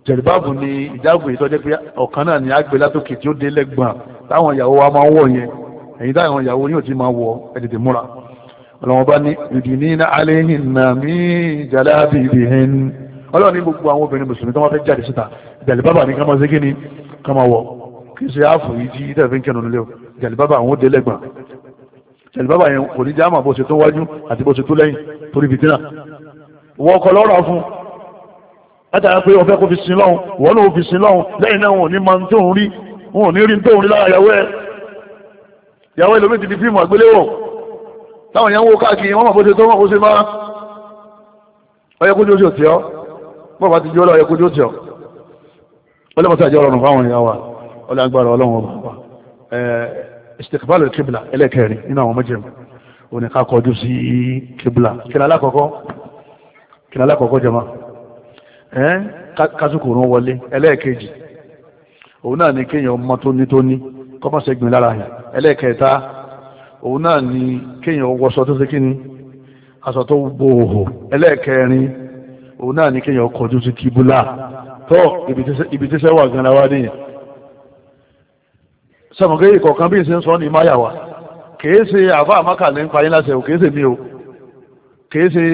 jẹ̀lìbáàbù ni ìjáàbù yìí tọ́jú pé ọ̀kan náà ni a gbé látòkè tí ó dé lẹ́gbọ̀n táwọn ìyàwó wa máa ń wọ̀ yẹn èyí táwọn ìyàwó yóò ti máa wọ ẹ̀dẹ̀dẹ̀ múra ọlọ́wọ́n bá ní yudinina alayhinna min jalabibihin ọlọ́run ní gbogbo àwọn obìnrin mùsùlùmí tó wọ́n fẹ́ jáde síta jẹ̀lìbáàbà ní kámọ́ sí kí ni kámọ́ ṣẹlẹ̀ bàbá yẹn kò ní jáàmà bó ṣe tó wájú àti bó ṣe tó lẹ́yìn torí fìtínà wọ́n ọkọ̀ lọ́rọ̀ fún látara pé ọ̀fẹ́ kò fi sin lọ́hùn wọ́n lòun fi sin lọ́hùn lẹ́yìn náà wọn ò ní máa ń tó ń rí wọn ò ní rí ń tó ń rí lára yàwó ẹ̀ yàwó ẹ̀ lómi ti di fíìmù àgbéléwò táwọn yẹn ń wo káàkiri wọ́n mọ̀ bó ṣe tó mọ̀ bó ṣe máa ọyẹ́kójú oṣù tí ọ́ bọ́ọ̀bá istikbal kibla ẹlẹ́kẹrin nínú àwọn mẹ́jẹ̀mú òní ká kọjú sí kibla kìlá alákọ̀ọ́kọ́ kìlá alákọ̀ọ́kọ́ jama ẹ́n kásùkùrún wọlé ẹlẹ́ẹ̀kejì òun náà ni kéèyàn ọmọ tóní tóní kọ́mọ̀sẹ̀ gbìn lára yẹn ẹlẹ́ẹ̀kẹta òun náà ni kéèyàn wọṣọ tó ṣe kí ni aṣọ tó gbòòhò ẹlẹ́ẹ̀kẹrin òun náà ni kéèyàn kọjú sí kibla tó ibi tẹ́sẹ̀ wà gan-an wá nìyẹn sẹ́mọ̀gé ìkọ̀ọ̀kan bí ìsìn sọ ní máyà wa kìí ṣe àbá àmákà ní pa yín láṣẹ o kìí ṣe mi o kìí ṣe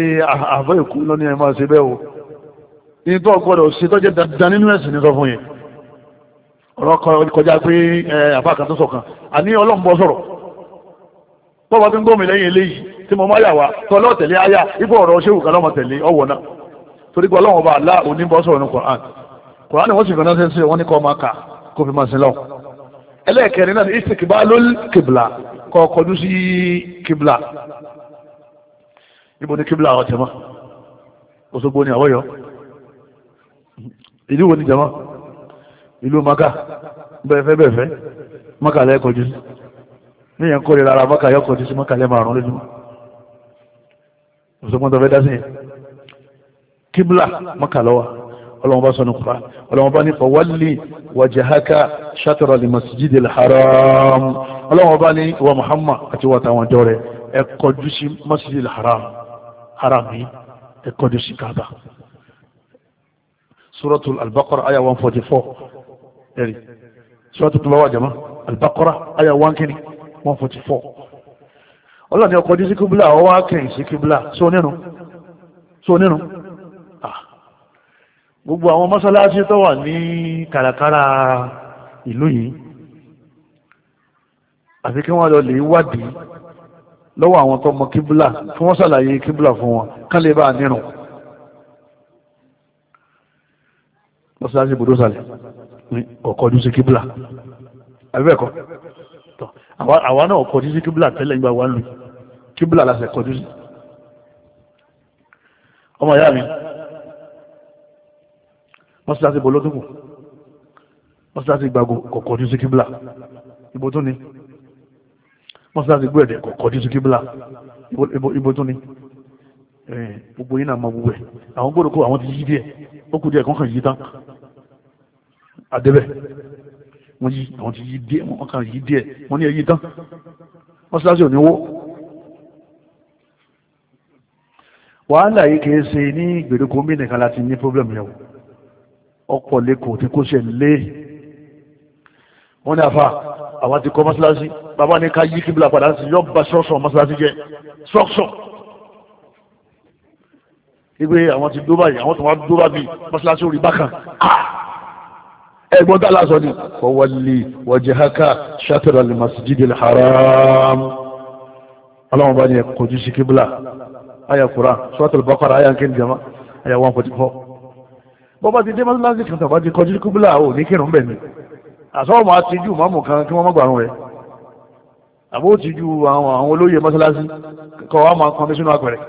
àbá ìkú lọ ní ẹ máa ṣe bẹ́ẹ̀ o ní tó gbọ́dọ̀ ṣe tọ́jẹ́ dandan nínú ẹ̀sìn ní sọ fún yẹn ọ̀rọ̀ kọjá pé àbá kan tó a àní ọlọ́mbọ sọ̀rọ̀ tọ́wọ́ tí ń gbómi lẹ́yìn eléyìí tí mo máyà wa tọ́lọ́ tẹ̀lé aya ipò ọ̀rọ̀ ṣéwù kan lọ́mọ tẹ̀lé ọ̀wọ̀ náà torí a lá oníbọ̀ sọ̀rọ̀ ní Qur'an Qur'an wọ́n sì fẹ́ náà ṣe wọ́n ní kọ́ máa ẹlẹ́ẹ̀kẹrin náà ní ìsìnkìbá ló kìbìlà kọ́ kọjú sí kìbìlà níbo ni kìbìlà àwọn jẹ̀mọ́ Òṣogbo ni àwọ̀yọ́ ìlú wo ni jẹ̀mọ́ ìlú maka bẹ́ẹ̀fẹ́ bẹ́ẹ̀fẹ́ maka lẹ́ kọjú sí ní yẹn kórè rárá maka yọ kọjú sí maka lẹ́ márùn lójúmọ́ Òṣogbo tó fẹ́ dá sí yẹn kìbìlà maka lọ́wọ́ ọlọ́wọ́n bá sọ wajahaka shatara li masjidi al-haram ọlọ́wọ́n bá ní wa muhammad àti wa tàwọn jọ rẹ̀ ẹ kọjú sí masjidi al-haram haram yìí ẹ kọjú sí kaaba suratul al-baqara aya 144 ẹ̀rí suratul tulawa jama al-baqara aya 1 144 ọlọ́ni ọkọjú sí kíbla ọwọ́ akẹ́yìn sí kíbla sọ nínú sọ nínú gbogbo àwọn mọ́sálásí tó wà ní kàràkàrà ìlú yìí àti kí wọ́n lọ lè wádìí lọ́wọ́ àwọn tó mọ kíbùlà kí wọ́n ṣàlàyé kíbùlà fún wọn kán lè bá nírun mọ́sálásí ibùdó sàlẹ̀ ọ̀kọ́jú sí kíbùlà àbẹ́ẹ̀kọ́ àwa náà ọ̀kọ́jú sí kíbùlà tẹ́lẹ̀ ìgbà wà lù kíbùlà lásẹ̀ kọjú sí ọmọ ìyá mi mọ́sálásí bọ́ lọ́dún kù mọ́sálásí gbàgbó kọ̀kọ́ ní sí kíbla ibo tó ni mọ́sálásí gbọ́ ẹ̀dẹ̀ kọ̀kọ́ ní sí kíbla ibo tó ni gbogbo yìí náà mọ gbogbo ẹ̀ àwọn gbọ́dọ̀ kó àwọn ti yí díẹ̀ ó kù díẹ̀ kán kàn yí tán àdébẹ̀ wọ́n yí àwọn ti yí díẹ̀ wọ́n kàn yí díẹ̀ wọ́n ní ẹ̀ yí tán mọ́sálásí ò ní wó wàhálà yìí kìí ṣe ní ìgbèríko mí nìkan láti ní pọ́blẹ̀mù yẹn wò ọ̀pọ̀ lẹ́kọ̀ọ́ tí kò ṣe lé wọ́n ní àfà àwọn ti kọ́ mọ́ṣáláṣí bàbá ní ká yí kíbla padà sí yọ́ bá ṣọ́ọ̀ṣọ̀ mọ́ṣáláṣí jẹ́ ṣọ́ọ̀ṣọ̀ ìgbé àwọn ti dúró báyìí àwọn tó wá dúró báyìí mọ́ṣáláṣí orí bákan ẹgbọ́n tààlà sọ ni fọwọ́lì wajhaka ṣàtẹ̀rọ al-masjidil haram
aláwọn bá ní ẹ̀kọ́ sí kíbla
ayakura suratul Baqara ayankẹ́ ní bọ́bá ti dé mọ́sálásí kan tàbá ti kọjú kúbúlà ò ní kírun bẹ̀ ni àsọ́wọ́mọ́ á ti ju mọ́mù kan kí wọ́n mọ́ gbàrún rẹ̀ àbó ti ju àwọn àwọn olóyè mọ́sálásí kọ́ wa máa kan bí sínú apẹ̀rẹ̀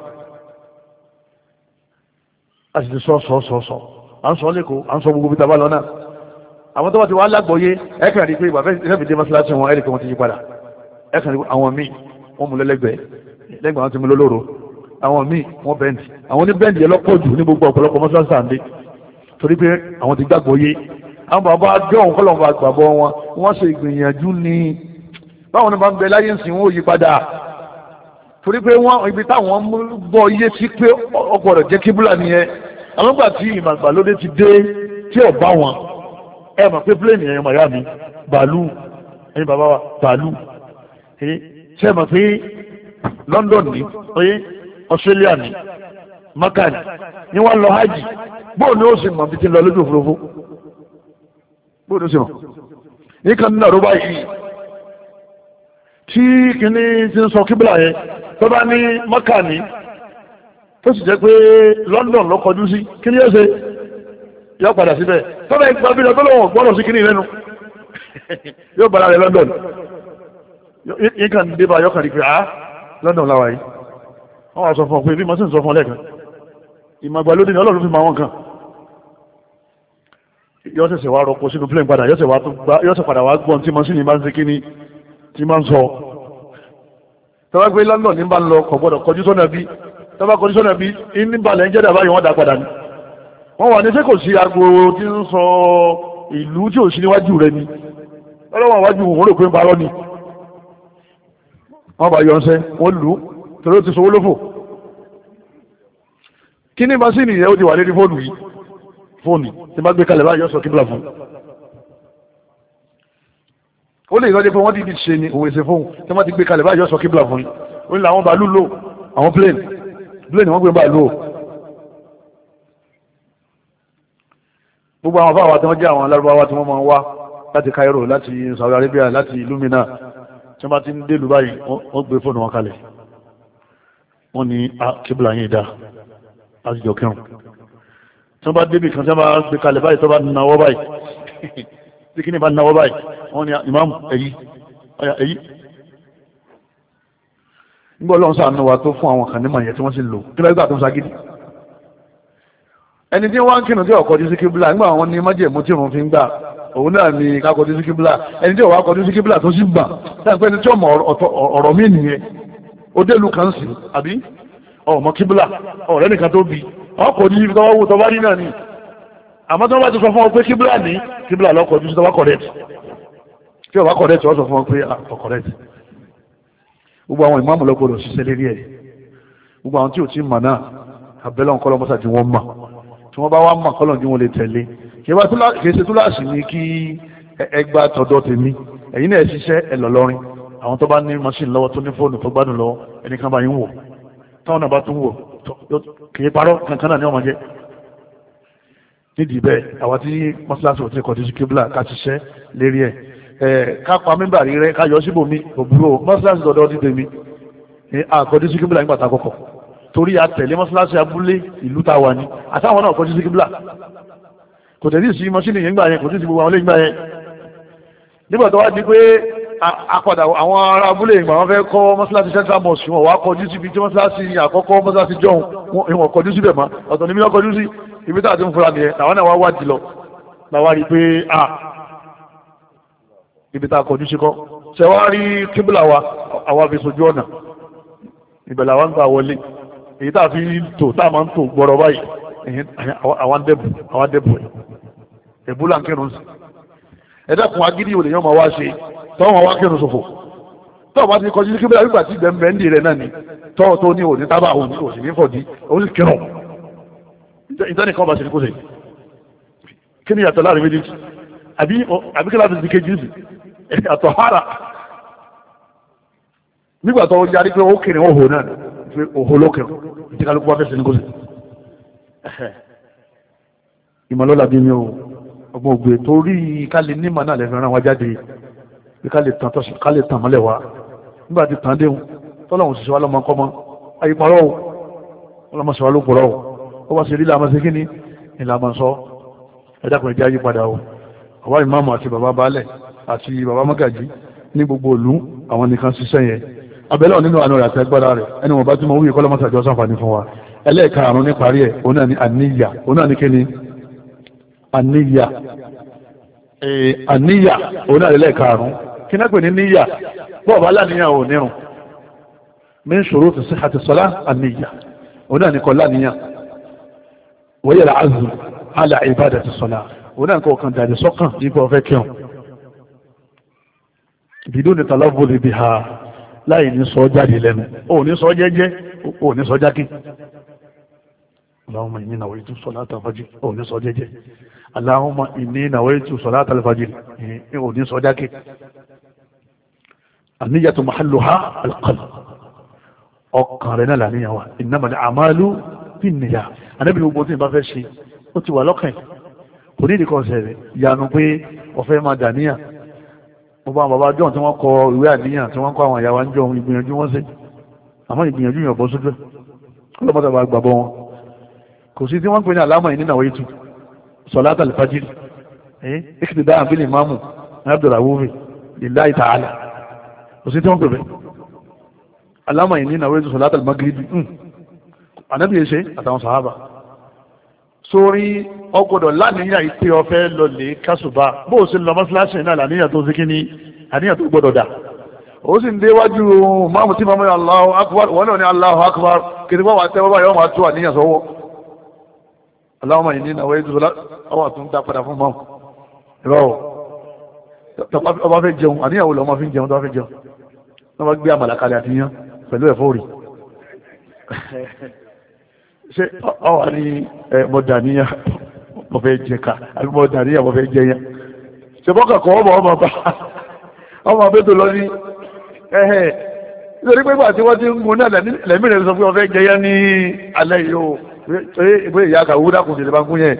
a sì ti sọ sọ sọ sọ à ń sọ lẹ́kọ̀ọ́ à ń sọ gbogbo bí tàbá lọ náà àwọn tó bá ti wá lágbọ́yé ẹ̀kàn rí pé ìbàfẹ́ ìṣẹ́fìdé mọ́sálásí wọn ẹ̀rì pé wọ́n ti yí padà ẹ̀kàn rí àwọn míì wọ́n mú lẹ́lẹ́gbẹ̀ẹ́ lẹ́gbẹ̀ẹ́ wọn ti mú lólóró àwọn míì wọ́n bẹ́ǹdì àwọn oníbẹ́ǹdì ẹlọ́pọ̀ jù ní gbogbo ọ̀pọ̀lọpọ̀ mọ́sálásí àǹdé torí pé àwọn ti gbàgbọ́ yé àwọn bàbá dọ́hùn kọ́lọ́mù àgbàbọ́ wọn wọ́n ṣe ìgbìyànjú ni báwọn ni bá ń bẹ láyé ń sìn wọ́n yí padà torí pé wọ́n ibi táwọn bọ́ iye sí pé ọgbọ̀rọ̀ jẹ́ kíbúlà nìyẹn àwọn gbà tí ìmàgbàlódé ti dé tí ò bá wọn ẹ mọ̀ pé pílẹ̀nì ẹ̀yọ́ màyà mi bàálù ẹ̀yin bàbá wa bàálù ṣe mọ̀ pé London ni oyé ni Maka ni wọ́n lọ hajj bóò ni ó sì mọ̀ bí ti lọ lójú òfurufú bóò ni ó sì mọ̀ ní kan nínú àrùbá yìí tí kìíní ti ń sọ kíbílà yẹn tó bá ní Maka ni tó sì jẹ́ pé London ló kọjú sí kíní yóò ṣe yóò padà síbẹ̀ tó bá gba bí lọ́tọ́ lọ́wọ́ gbọ́dọ̀ sí kíní lẹ́nu
yóò bala rẹ̀ London
yín kan dé bá yọkàn rí pé ah London láwa yìí wọ́n wá sọ fún ọ pé bí mo sì ń sọ fún ọ lẹ́ẹ̀kan ìmọ̀gbàlódé ni ọlọ́run fi máa wọn kan yóò ṣẹ̀ṣẹ̀ wá rọpò sínú plane padà yóò ṣẹ̀ padà wá gbọ́n tí mọ́sínì máa ń ṣe kíní tí máa ń sọ tọ́wọ́ pé london ní bá ń lọ kọ̀ gbọ́dọ̀ kọjú sọ́nà bí tọ́wọ́ kọjú sọ́nà bí ní balẹ̀ ń jẹ́dà báyìí wọ́n dá padà ní wọ́n wà ní ṣé kò sí aago tí ń sọ ìlú tí ò sí níwájú rẹ ni ọlọ́wọ́n wájú òun rò pé ń parọ́ ni wọ́n bá yọ ọ́nṣẹ́ wọ́n lù ú torí ó ti sọ owó lófò kí ní bá sí nìyẹn ó ti wà lórí fóònù yìí fóònù tí bá gbé kalẹ̀ báyìí ọ̀sọ̀ kíbla fún ó lè ìrọ́jẹ́ pé wọ́n ti di ṣe ni òwe ṣe fóònù tí wọ́n ti gbé kalẹ̀ báyìí ọ̀sọ̀ kíbla fún ó ní àwọn bàálù lò àwọn plane plane wọ́n gbé bàálù o gbogbo àwọn afáwà tí àwọn alárúbáwá tí wọ́n máa ń wá láti Cairo láti Saudi Arabia láti Lumina tí wọ́n bá ti ń délùú báyìí wọ́n gbé fóònù wọn kalẹ̀ wọ́n ní ah, kíbla yín dáa láti jọ kírun tí wọ́n bá débi kan tí wọ́n bá gbé kalẹ̀ báyìí tó bá nawọ́ báyìí tí kí ni bá nawọ́ báyìí wọ́n ní ìmáàmù èyí ọ̀yà èyí nígbà ọlọ́run sàánú wa tó fún àwọn kan nímọ̀ yẹn tí wọ́n sì lò kí lọ́gbà tó ń sagídì ẹni tí wọ́n ń kírun tí ó kọjú sí kíbla nígbà wọn ní májèmú tí òun fi ń gbà òun náà ni ká kọjú sí kíbla ẹni tí òun kọjú sí kíbla tó sì gbà ọmọ kíbílà ọ̀rẹ́ nìkan tó bí ọkọ̀ ní ibi tọwọ́ wò tọwọ́ rí náà ni àmọ́ tí wọ́n bá ti sọ fún ọ pé kíbílà ní kíbílà lọ́kọ̀ ojú tọwọ́ kọ̀rẹ́tì tí ọba kọ̀rẹ́tì wọ́n sọ fún ọ pé ọkọ̀rẹ́tì ah, gbogbo àwọn ìmáàmù lọ́kọ̀ọ́dọ̀ ṣiṣẹ́ lérí ẹ̀ gbogbo àwọn tí ò ti mà náà àbẹ́lọ́n kọ́lọ́ ni kí ẹgbà tọ̀dọ̀ tèmi ẹ̀yin náà ṣiṣẹ́ táwọn náà bá tún wò kìí parọ́ kankan náà ní ọmọ jẹ́ nídìí bẹ́ẹ̀ àwọn tí mọ́sálásí ò ti kọ̀ títí kíbla ká ṣiṣẹ́ lérí ẹ̀ ẹ̀ ká pa mímbà rí rẹ ká yọ síbò mi òbúrò mọ́sálásí dọ̀dọ̀ ti tèmi ní àkọ́ títí kíbla nígbà tá a kọ́kọ́ torí a tẹ̀lé mọ́sálásí abúlé ìlú tá wà ní àtàwọn náà kọ́ títí kíbla kò tẹ̀lé sí mọ́sílì yẹn gbà yẹn kò títí gbogbo àwọn ilé apàdà àwọn ará abúlé ìgbà wọn fẹ́ kọ́ mọ́sálásí central mosque wọn wá kọjú síbi tí mọ́sálásí àkọ́kọ́ mọ́sálásí jọ̀hún ìwọ̀n kọjú síbẹ̀ mọ́ ọ̀tọ̀ níbi náà kọjú sí ibi tá a ti ń fura nìyẹn làwọn náà wá wá jùlọ làwọn rí i pé a ibi tá a kọjú sí kọ́ ṣe wá rí kíbùlà wa àwa fi sojú ọ̀nà ìbẹ̀ làwọn ń gbà wọlé èyí tá a fi tò tá a máa ń tò gbọ́rọ̀ báyìí ẹ̀dàkùn agídí olè yẹn ọmọ wá ṣe tọ́wọ́ wọn wá kírun ṣòfò tọ́wọ́ bá ti kọjú sí kíbílà nígbà tí gbẹ̀mbẹ̀ ń di rẹ̀ náà ni tọ́wọ́ tó ní òní tábà òní òsì ní fọ̀dí òní kírun ìtẹ́nìkan bá ṣe kó ṣe kí ni yàtọ̀ láàrin méjì àbí kí láti di kejì sí àtọ̀ hàrà nígbà tó ń yarí pé ó kiri òhò náà fi òhò lókèrè ìtẹ́kálukú bá fẹ́ ṣe ní kó ṣe ìmọ̀lọ́lá bí mi ò ọmọ ògbè torí kálí nímọ̀ náà lẹ́fẹ̀ẹ́ ràn wá jáde bí kálí tàn tọ́sí kálí tàn mọ́lẹ̀ wá nígbà tí tàn déhùn tọ́lọ́hùn ṣiṣẹ́ wa lọ́mọ kọ́mọ ayé parọ́ o ọlọ́mọ sọ wa ló pọ̀rọ́ o ó wá sí rí làmọ́ sí kíni ìlàmọ́ sọ ẹ dákun ẹjẹ́ ayé padà o bàbá ìmáàmù àti bàbá baálẹ̀ àti bàbá mọ́gàjì ní gbogbo ìlú àwọn nìkan ṣiṣẹ́ yẹn abẹ́lẹ́ nínú àánú rẹ̀ àtẹ́gbára ni àníyà òun ni kíni àníyà àníyà òun náà lẹ́lẹ́ karùn-ún kí náà pè ní níyà bọ́ọ̀ bá láníyàn ò nírun min shuruti sihhati salah àníyà òun náà ní kọ́ láníyàn wọ́n yẹra azù ala ibadati salah òun náà kọ́ kan dàdí sọ́kàn nípa ọ̀fẹ́ kẹun biduni talabudi biha láì ní sọ jáde lẹ́nu òun sọ jẹ́jẹ́ òun sọ jákè اللهم إني نويت صلاة الفجر أو نصو جيجي اللهم إني نويت صلاة الفجر أو نصو جاكي النية محلها القلب ọkànrẹ́nà làníyàn wa ìnáma ni àmàlú bí nìyà anábì gbogbo tí n bá fẹ́ ṣe ó ti wà lọ́kàn kò ní ìdíkọ̀ ṣẹlẹ̀ yanu pé ọ̀fẹ́ máa dàníyàn mo bá bàbá john tí wọ́n kọ ìwé àníyàn tí wọ́n kọ àwọn ìyàwó àjọ ìgbìyànjú wọn sí àmọ́ ìgbìyànjú yàn bọ́ sójú ọlọ́mọdé bá gbàgbọ́ wọn kò sí tí wọ́n ń pè ní àlámà yìí nínú àwọn ètò sọ̀látà alifajir ẹ́ ìkìtì dáhà bí lè máàmù abdulrahman lillahi ta'ala kò sí tí wọ́n pè bẹ́ẹ̀ àlámà yìí nínú àwọn ètò sọ̀látà almagribi hmm. ànábì yẹn ṣe àtàwọn sàhábà sórí ọgbọ́dọ̀ láníyàn ìpè ọ̀fẹ́ lọlẹ̀ kásùbà bó o ṣe lọ mọ́ṣáláṣí náà làníyàn tó ṣe kí ni àníyàn tó gbọ́dọ̀ dà ó sì ń déwájú máàmù tí màmú yà Allahu akbar wọn náà ní Allahu akbar kìtìpá wà tẹ́wọ́ báyọ̀ wọn àtúwà níyàn sọ́wọ́ aláwọ̀mọ̀ yìí nínú àwọn ètò ọwọ́ tó ń dá padà fún mọ́ ìrọ̀ ọba fẹ́ jẹun àníyàwó lọ́mọ fi ń jẹun tó fẹ́ jẹun wọ́n bá gbé àmàlàkalẹ̀ àti yán pẹ̀lú ẹ̀fọ́ rì ṣe ọwà ní mọ̀dàníyà mo fẹ́ jẹ ká àbí mọ̀dàníyà mo fẹ́ jẹ yẹn ṣe bọ́kàkọ́ ọmọ ọmọ bá ọmọ abẹ́tò lọ ní ẹ̀hẹ́ nítorí pé gbà tí wọ́n ti ń gun náà lẹ́mí rẹ̀ sọ pé wọ́n fẹ́ jẹ yẹn ní alẹ́ yìí pé ìyá kàwé dákun tètè bá gún yẹn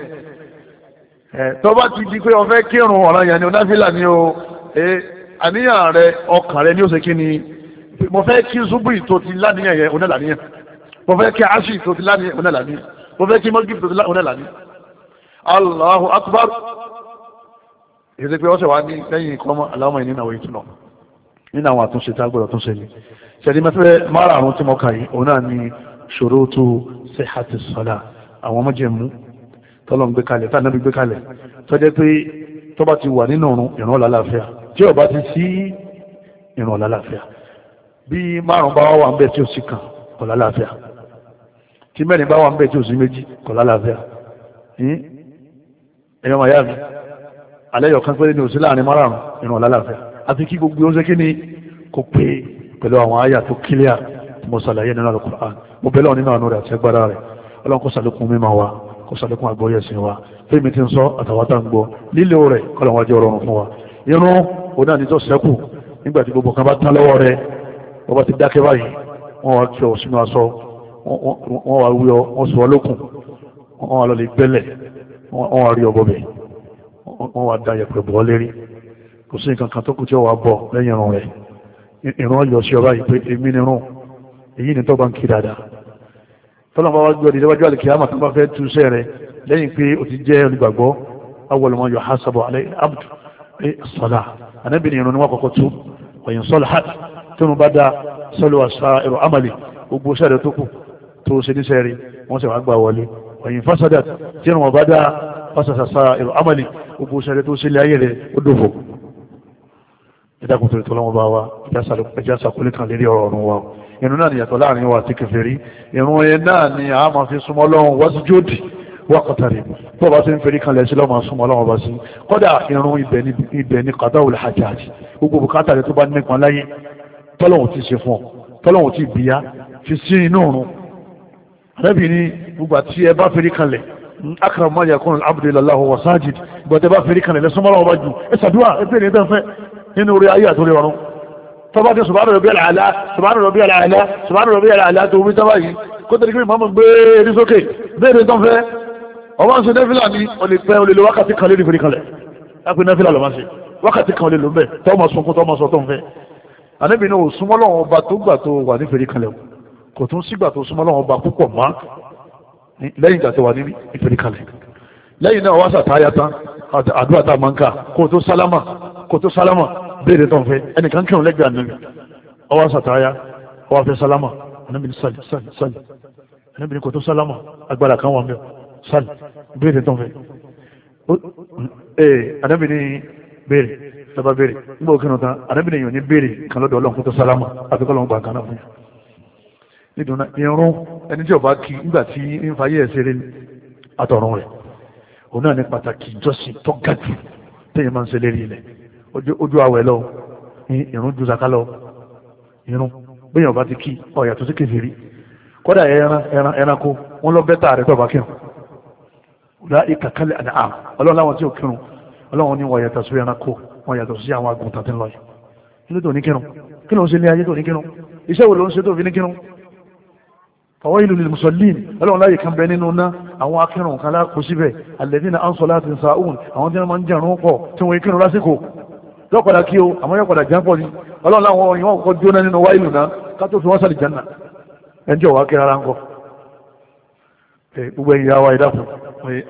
tó bá ti di pé o fẹ́ kírun ọ̀ràn yẹn ni onáfílà ni o àníyàn rẹ ọkàn rẹ ni ó ṣe kí ni mo fẹ́ kí zubu tó ti láníyàn yẹn onílàníyàn mo fẹ́ kí aṣí tó ti láníyàn onílàníyàn mo fẹ́ kí mọ́gìb tó ti láníyàn onílàníyàn Allahu akbar ìrètí pé ọ̀sẹ̀ wa ní lẹ́yìn ìkọ́mọ́ aláwọ̀ ìnínà òye tún lọ nínú àwọn àtúnṣe tá a gbọ́dọ̀ tún ṣe ni ṣẹ̀dí mẹ́fẹ́ márààrún tí mo kà yìí òun náà ni ṣòrótù sihati sọ́lá àwọn májẹ̀mú tọ́lọ́n gbé kalẹ̀ tá nábì gbé kalẹ̀ tọ́jẹ́ pé tó bá ti wà nínú ọ̀run ìran lálàáfíà tí ó bá ti sí ìran lálàáfíà bí márùn bá wà ń bẹ tí ó sì kàn kò lálàáfíà tí mẹ́rin bá wà ń bẹ tí ó sì méjì kò lálàáfíà ẹ̀yọ́ màyá mi alẹ́yọ̀ kan péré ní òsí láàrin márùn ìran lálàáfíà àti kí gbogbo ó ṣe kí ni kò pé pẹ̀lú àwọn àyà tó kílíà tí mo ṣàlàyé nínú Al-Qur'an mo bẹ̀rẹ̀ nínú àánú rẹ̀ àti agbára rẹ̀ ọlọ́run kó ṣàlékún mímọ̀ wa kó ṣàlékún àgbọ́yé ẹ̀sìn wa fíìmì ti ń sọ àtàwátà ń gbọ́ lílo rẹ̀ kọ́lọ́wọ́n jẹ́ ọ̀rọ̀ fún wa irun òun náà ní tó ṣẹ́kù nígbà tí gbogbo kan bá tán lọ́wọ́ rẹ̀ wọ́n bá ti dákẹ́ báyìí wọ́n wá kí ọ sínú aṣọ wọ́n wá wí ọ wọ́n sọ ọlọ́kùn wọ́n wá lọ lè gbẹ́lẹ̀ wọ́n wá rí ọbọ bẹ̀ wọ́n wá da yẹ̀pẹ̀ bọ́ lérí kò sí nǹkan kan tó kù tí ó wà bọ̀ lẹ́yìn irun rẹ̀ irun yọ sí ọ báyìí pé èmi ni èyí ni tọ́ba ń kí dáadáa tọ́lá bá wá jọ di lọ́wọ́jọ́ àlùkìyàmà tó bá fẹ́ túnṣẹ́ rẹ lẹ́yìn pé o ti jẹ́ olùgbàgbọ́ awọlọmọ yọ ha sábọ̀ alẹ́ abdu ẹ sọlá anábìnrin irun ni wọ́n kọ́kọ́ tú ọ̀yìn sọlá ha tí wọ́n bá da sọlá sa ẹ̀rọ amali gbogbo sẹ́rẹ̀ tó kù tó ṣe ní sẹ́rẹ̀ wọ́n sì wá gbà wọlé ọ̀yìn fásádà tí wọ́n bá da fásásà sa ẹ̀rọ gbogbo sẹ́rẹ̀ tó ṣe lé ayé rẹ̀ ìrun náà nìyàtọ̀ láàrin wa àti kèfèrí ìrun yẹn náà ni a máa fi súnmọ́ lọ́hùn wasjudi waqtarib tó bá ti ń ferí kanlẹ̀ sí lọ́mọ súnmọ́ lọ́wọ́ bá sí kódà ìrun ibẹ̀ ni qada'ul hajjaj gbogbo bùkátà rẹ̀ tó bá nípa láyé tọ́lọ́hùn ti ṣe fún ọ tọ́lọ́hùn ti bìyà fi sí inú òrun rẹ́bì ni gbogbo àti ẹ bá ferí kanlẹ̀ akrama yakunu al-abdu ila gbọ́dọ̀ bá ferí kanlẹ̀ lẹ́sọ́mọ́lọ́wọ́ bá ju ẹ ṣàdúrà ẹ bẹ̀rẹ̀ ẹ dánfẹ́ nínú orí ayé àtúrẹ́ ọ̀run tọ́ba tí subhana rabbiyal ala subhana rabbiyal ala subhana rabbiyal ala tó wí sábà yìí kó tẹ̀lé kí mọ́mọ́ gbé eré sókè béèrè tán fẹ́ ọba ń ṣe nẹ́fìlà ní olè pẹ́ olè lo wákàtí kan lórí ìfòrí kalẹ̀ lápẹ́ nẹ́fìlà lọ́mọ́ ṣe wákàtí kan olè ló bẹ̀ tọ́mọ sunkún tọ́mọ sọ tó ń fẹ́ àníbi ni ò súnmọ́ lọ́wọ́ ọba tó gbà tó wà nífèrí kalẹ̀ kò tún sígbà tó súnmọ́ lọ́wọ́ ọba púpọ̀ mọ́ lẹ́yìn ìgbà tó wà nífèrí kalẹ̀ lẹ́yìn náà wá sàtáyà tán àdúrà tá a máa ń kà kó tó sálámà kó tó sálámà béèrè tó ń fẹ́ ẹnìkan kírun lẹ́gbẹ̀ẹ́ ànábì ọwọ́ sàtáyà ọwọ́ fẹ́ sálámà ànábì ní sàlì sàlì sàlì ànábì ní kò tó sálámà agbára kan wà mẹ́ọ̀ sàlì béèrè tó ń fẹ́ ee ànábì ní béèrè lọ́ba béèrè nígbà òkè nìkan ànábì ní èèyàn ní béèrè kan lọ́dọ̀ ọlọ́run kó tó sálámà àti kọ́ lọ́run gbà kan náà fún yà nídùn irun ẹni tí ọba kí nígbà tí ń fayé ẹsẹ̀ rẹ̀ àtọ̀run rẹ̀ òun náà ní pàtàkì ìjọsìn tó gàjù téèyàn máa ń ṣe lérí ilẹ̀ ojú àwẹ̀ lọ ìrún ju zaka lọ ìrún bẹ́yàn bá ti kí ọ̀yà tó sí kèfèrí kọ́dà ẹran ẹranko wọ́n lọ bẹ́tà rẹ̀ tọ́ba kírun ọ̀dà ìkàkálẹ̀ àdá àm ọlọ́run láwọn tí ò kírun ọlọ́run ní wọ́n yàtọ̀ sí ẹranko wọ́n yàtọ̀ sí àwọn àgùntàn tí ń lọ yìí kí ló tó ní kírun kí ló ń ṣe ní ayé tó ní kírun iṣẹ́ wo ló ń ṣe tó fi ní kírun fọwọ́ ìlú lil musallin ọlọ́run láyé kan bẹ nínú ná àwọn akírun kan lákòó síbẹ̀ alladhina an salatin sa'un àwọn tí wọ́n máa ń jẹun pọ̀ tí wọ́n kírun lásìkò yóò padà kí o àmọ́ yóò padà jẹ́ pọ̀ ní ọlọ́run láwọn ọ̀yìn wọn kọ́ jóná nínú wáyé lùnà ká tó fi wọ́n sàlì jẹ́nà ẹjọ́ wa kíra ránkọ́ gbogbo ẹ̀yìn yàwá ìdáfún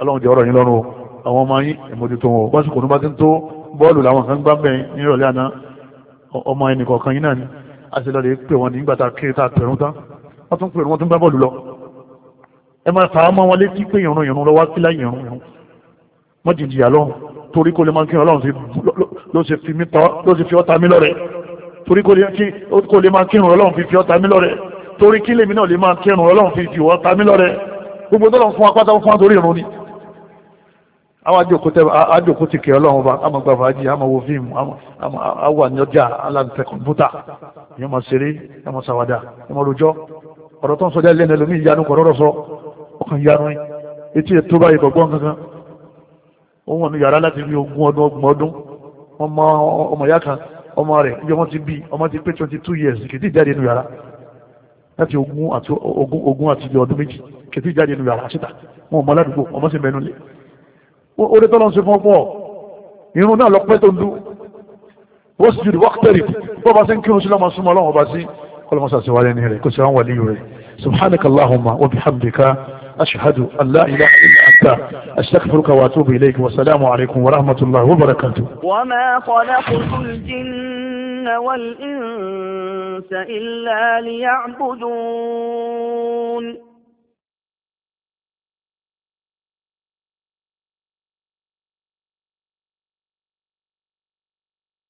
ọlọ́run jẹ́ ọ̀rọ̀ yín lọ́rùn o àwọn ọmọ yín ìmójútó wọn wọ́n sì kò bá ti ń tó bọ́ọ̀lù làwọn kan gbá bẹ́ẹ̀ ní ìrọ̀lẹ́ àná ọmọ ẹnì kọ̀ọ̀kan yín náà ni a sì lọ́ọ́ pè wọ́n nígbà tá a kéré tá a pẹ̀rún tán wọ́n tún pẹ̀rún wọ́n tún gbá bọ́ọ̀lù lọ ẹ máa fà á ló sì fi mí tọ́ ló sì fi ọta mi lọ́rẹ̀ torí kò lè máa kírun ọlọ́run fi fi ọta mi lọ́rẹ̀ torí kí lèmi náà lè máa kírun ọlọ́run fi fi ọta mi lọ́rẹ̀ gbogbo tó lọ fún apáta fún àtòrí ìrún ni àwọn àjòkó ti kẹ ọlọ́run bá a máa gba fàájì a máa wo fíìmù a wà ní ọjà kọ̀ǹpútà ìyẹn máa ṣeré ìyẹn máa ṣàwádà ìyẹn máa rojọ́ ọ̀rọ̀ tó ń sọjá lẹ́nu ẹlòmíì ìyanu kọ̀rọ̀rọ̀ sọ ọkàn ìyanu etí ẹ̀ báyìí kọ̀gbọ́n kankan ó wọ̀n ní yàrá láti rí ogún ọdún ọgbọ̀n ọdún ọmọ ọmọ ìyá kan ọmọ rẹ̀ ibi ọmọ ti bí ọmọ ti pé twenty two years kìtì jáde nínú yàrá láti ogún àti ogún ogún àti ibi ọdún méjì kìtì jáde nínú yàrá síta wọn ọmọ aládùúgbò ọmọ sì mẹnu lé orí tọ́lọ́ ń ṣe fún ọpọ́ irun náà lọ pẹ́ tó ń dú ó sì jùlọ wákìtẹ́rì bó bá ṣe ń kírun sí lọ́mọ súnmọ́ ọlọ́run ọba sí kọlọmọsà sí wàlẹ́ ní rẹ̀ kò sí àwọn wàlíyù rẹ̀ subhanakallahumma wa bihamdika ashhadu an la ilaha illa أستغفرك وأتوب إليك والسلام عليكم ورحمة الله وبركاته وما خلقت الجن والإنس إلا ليعبدون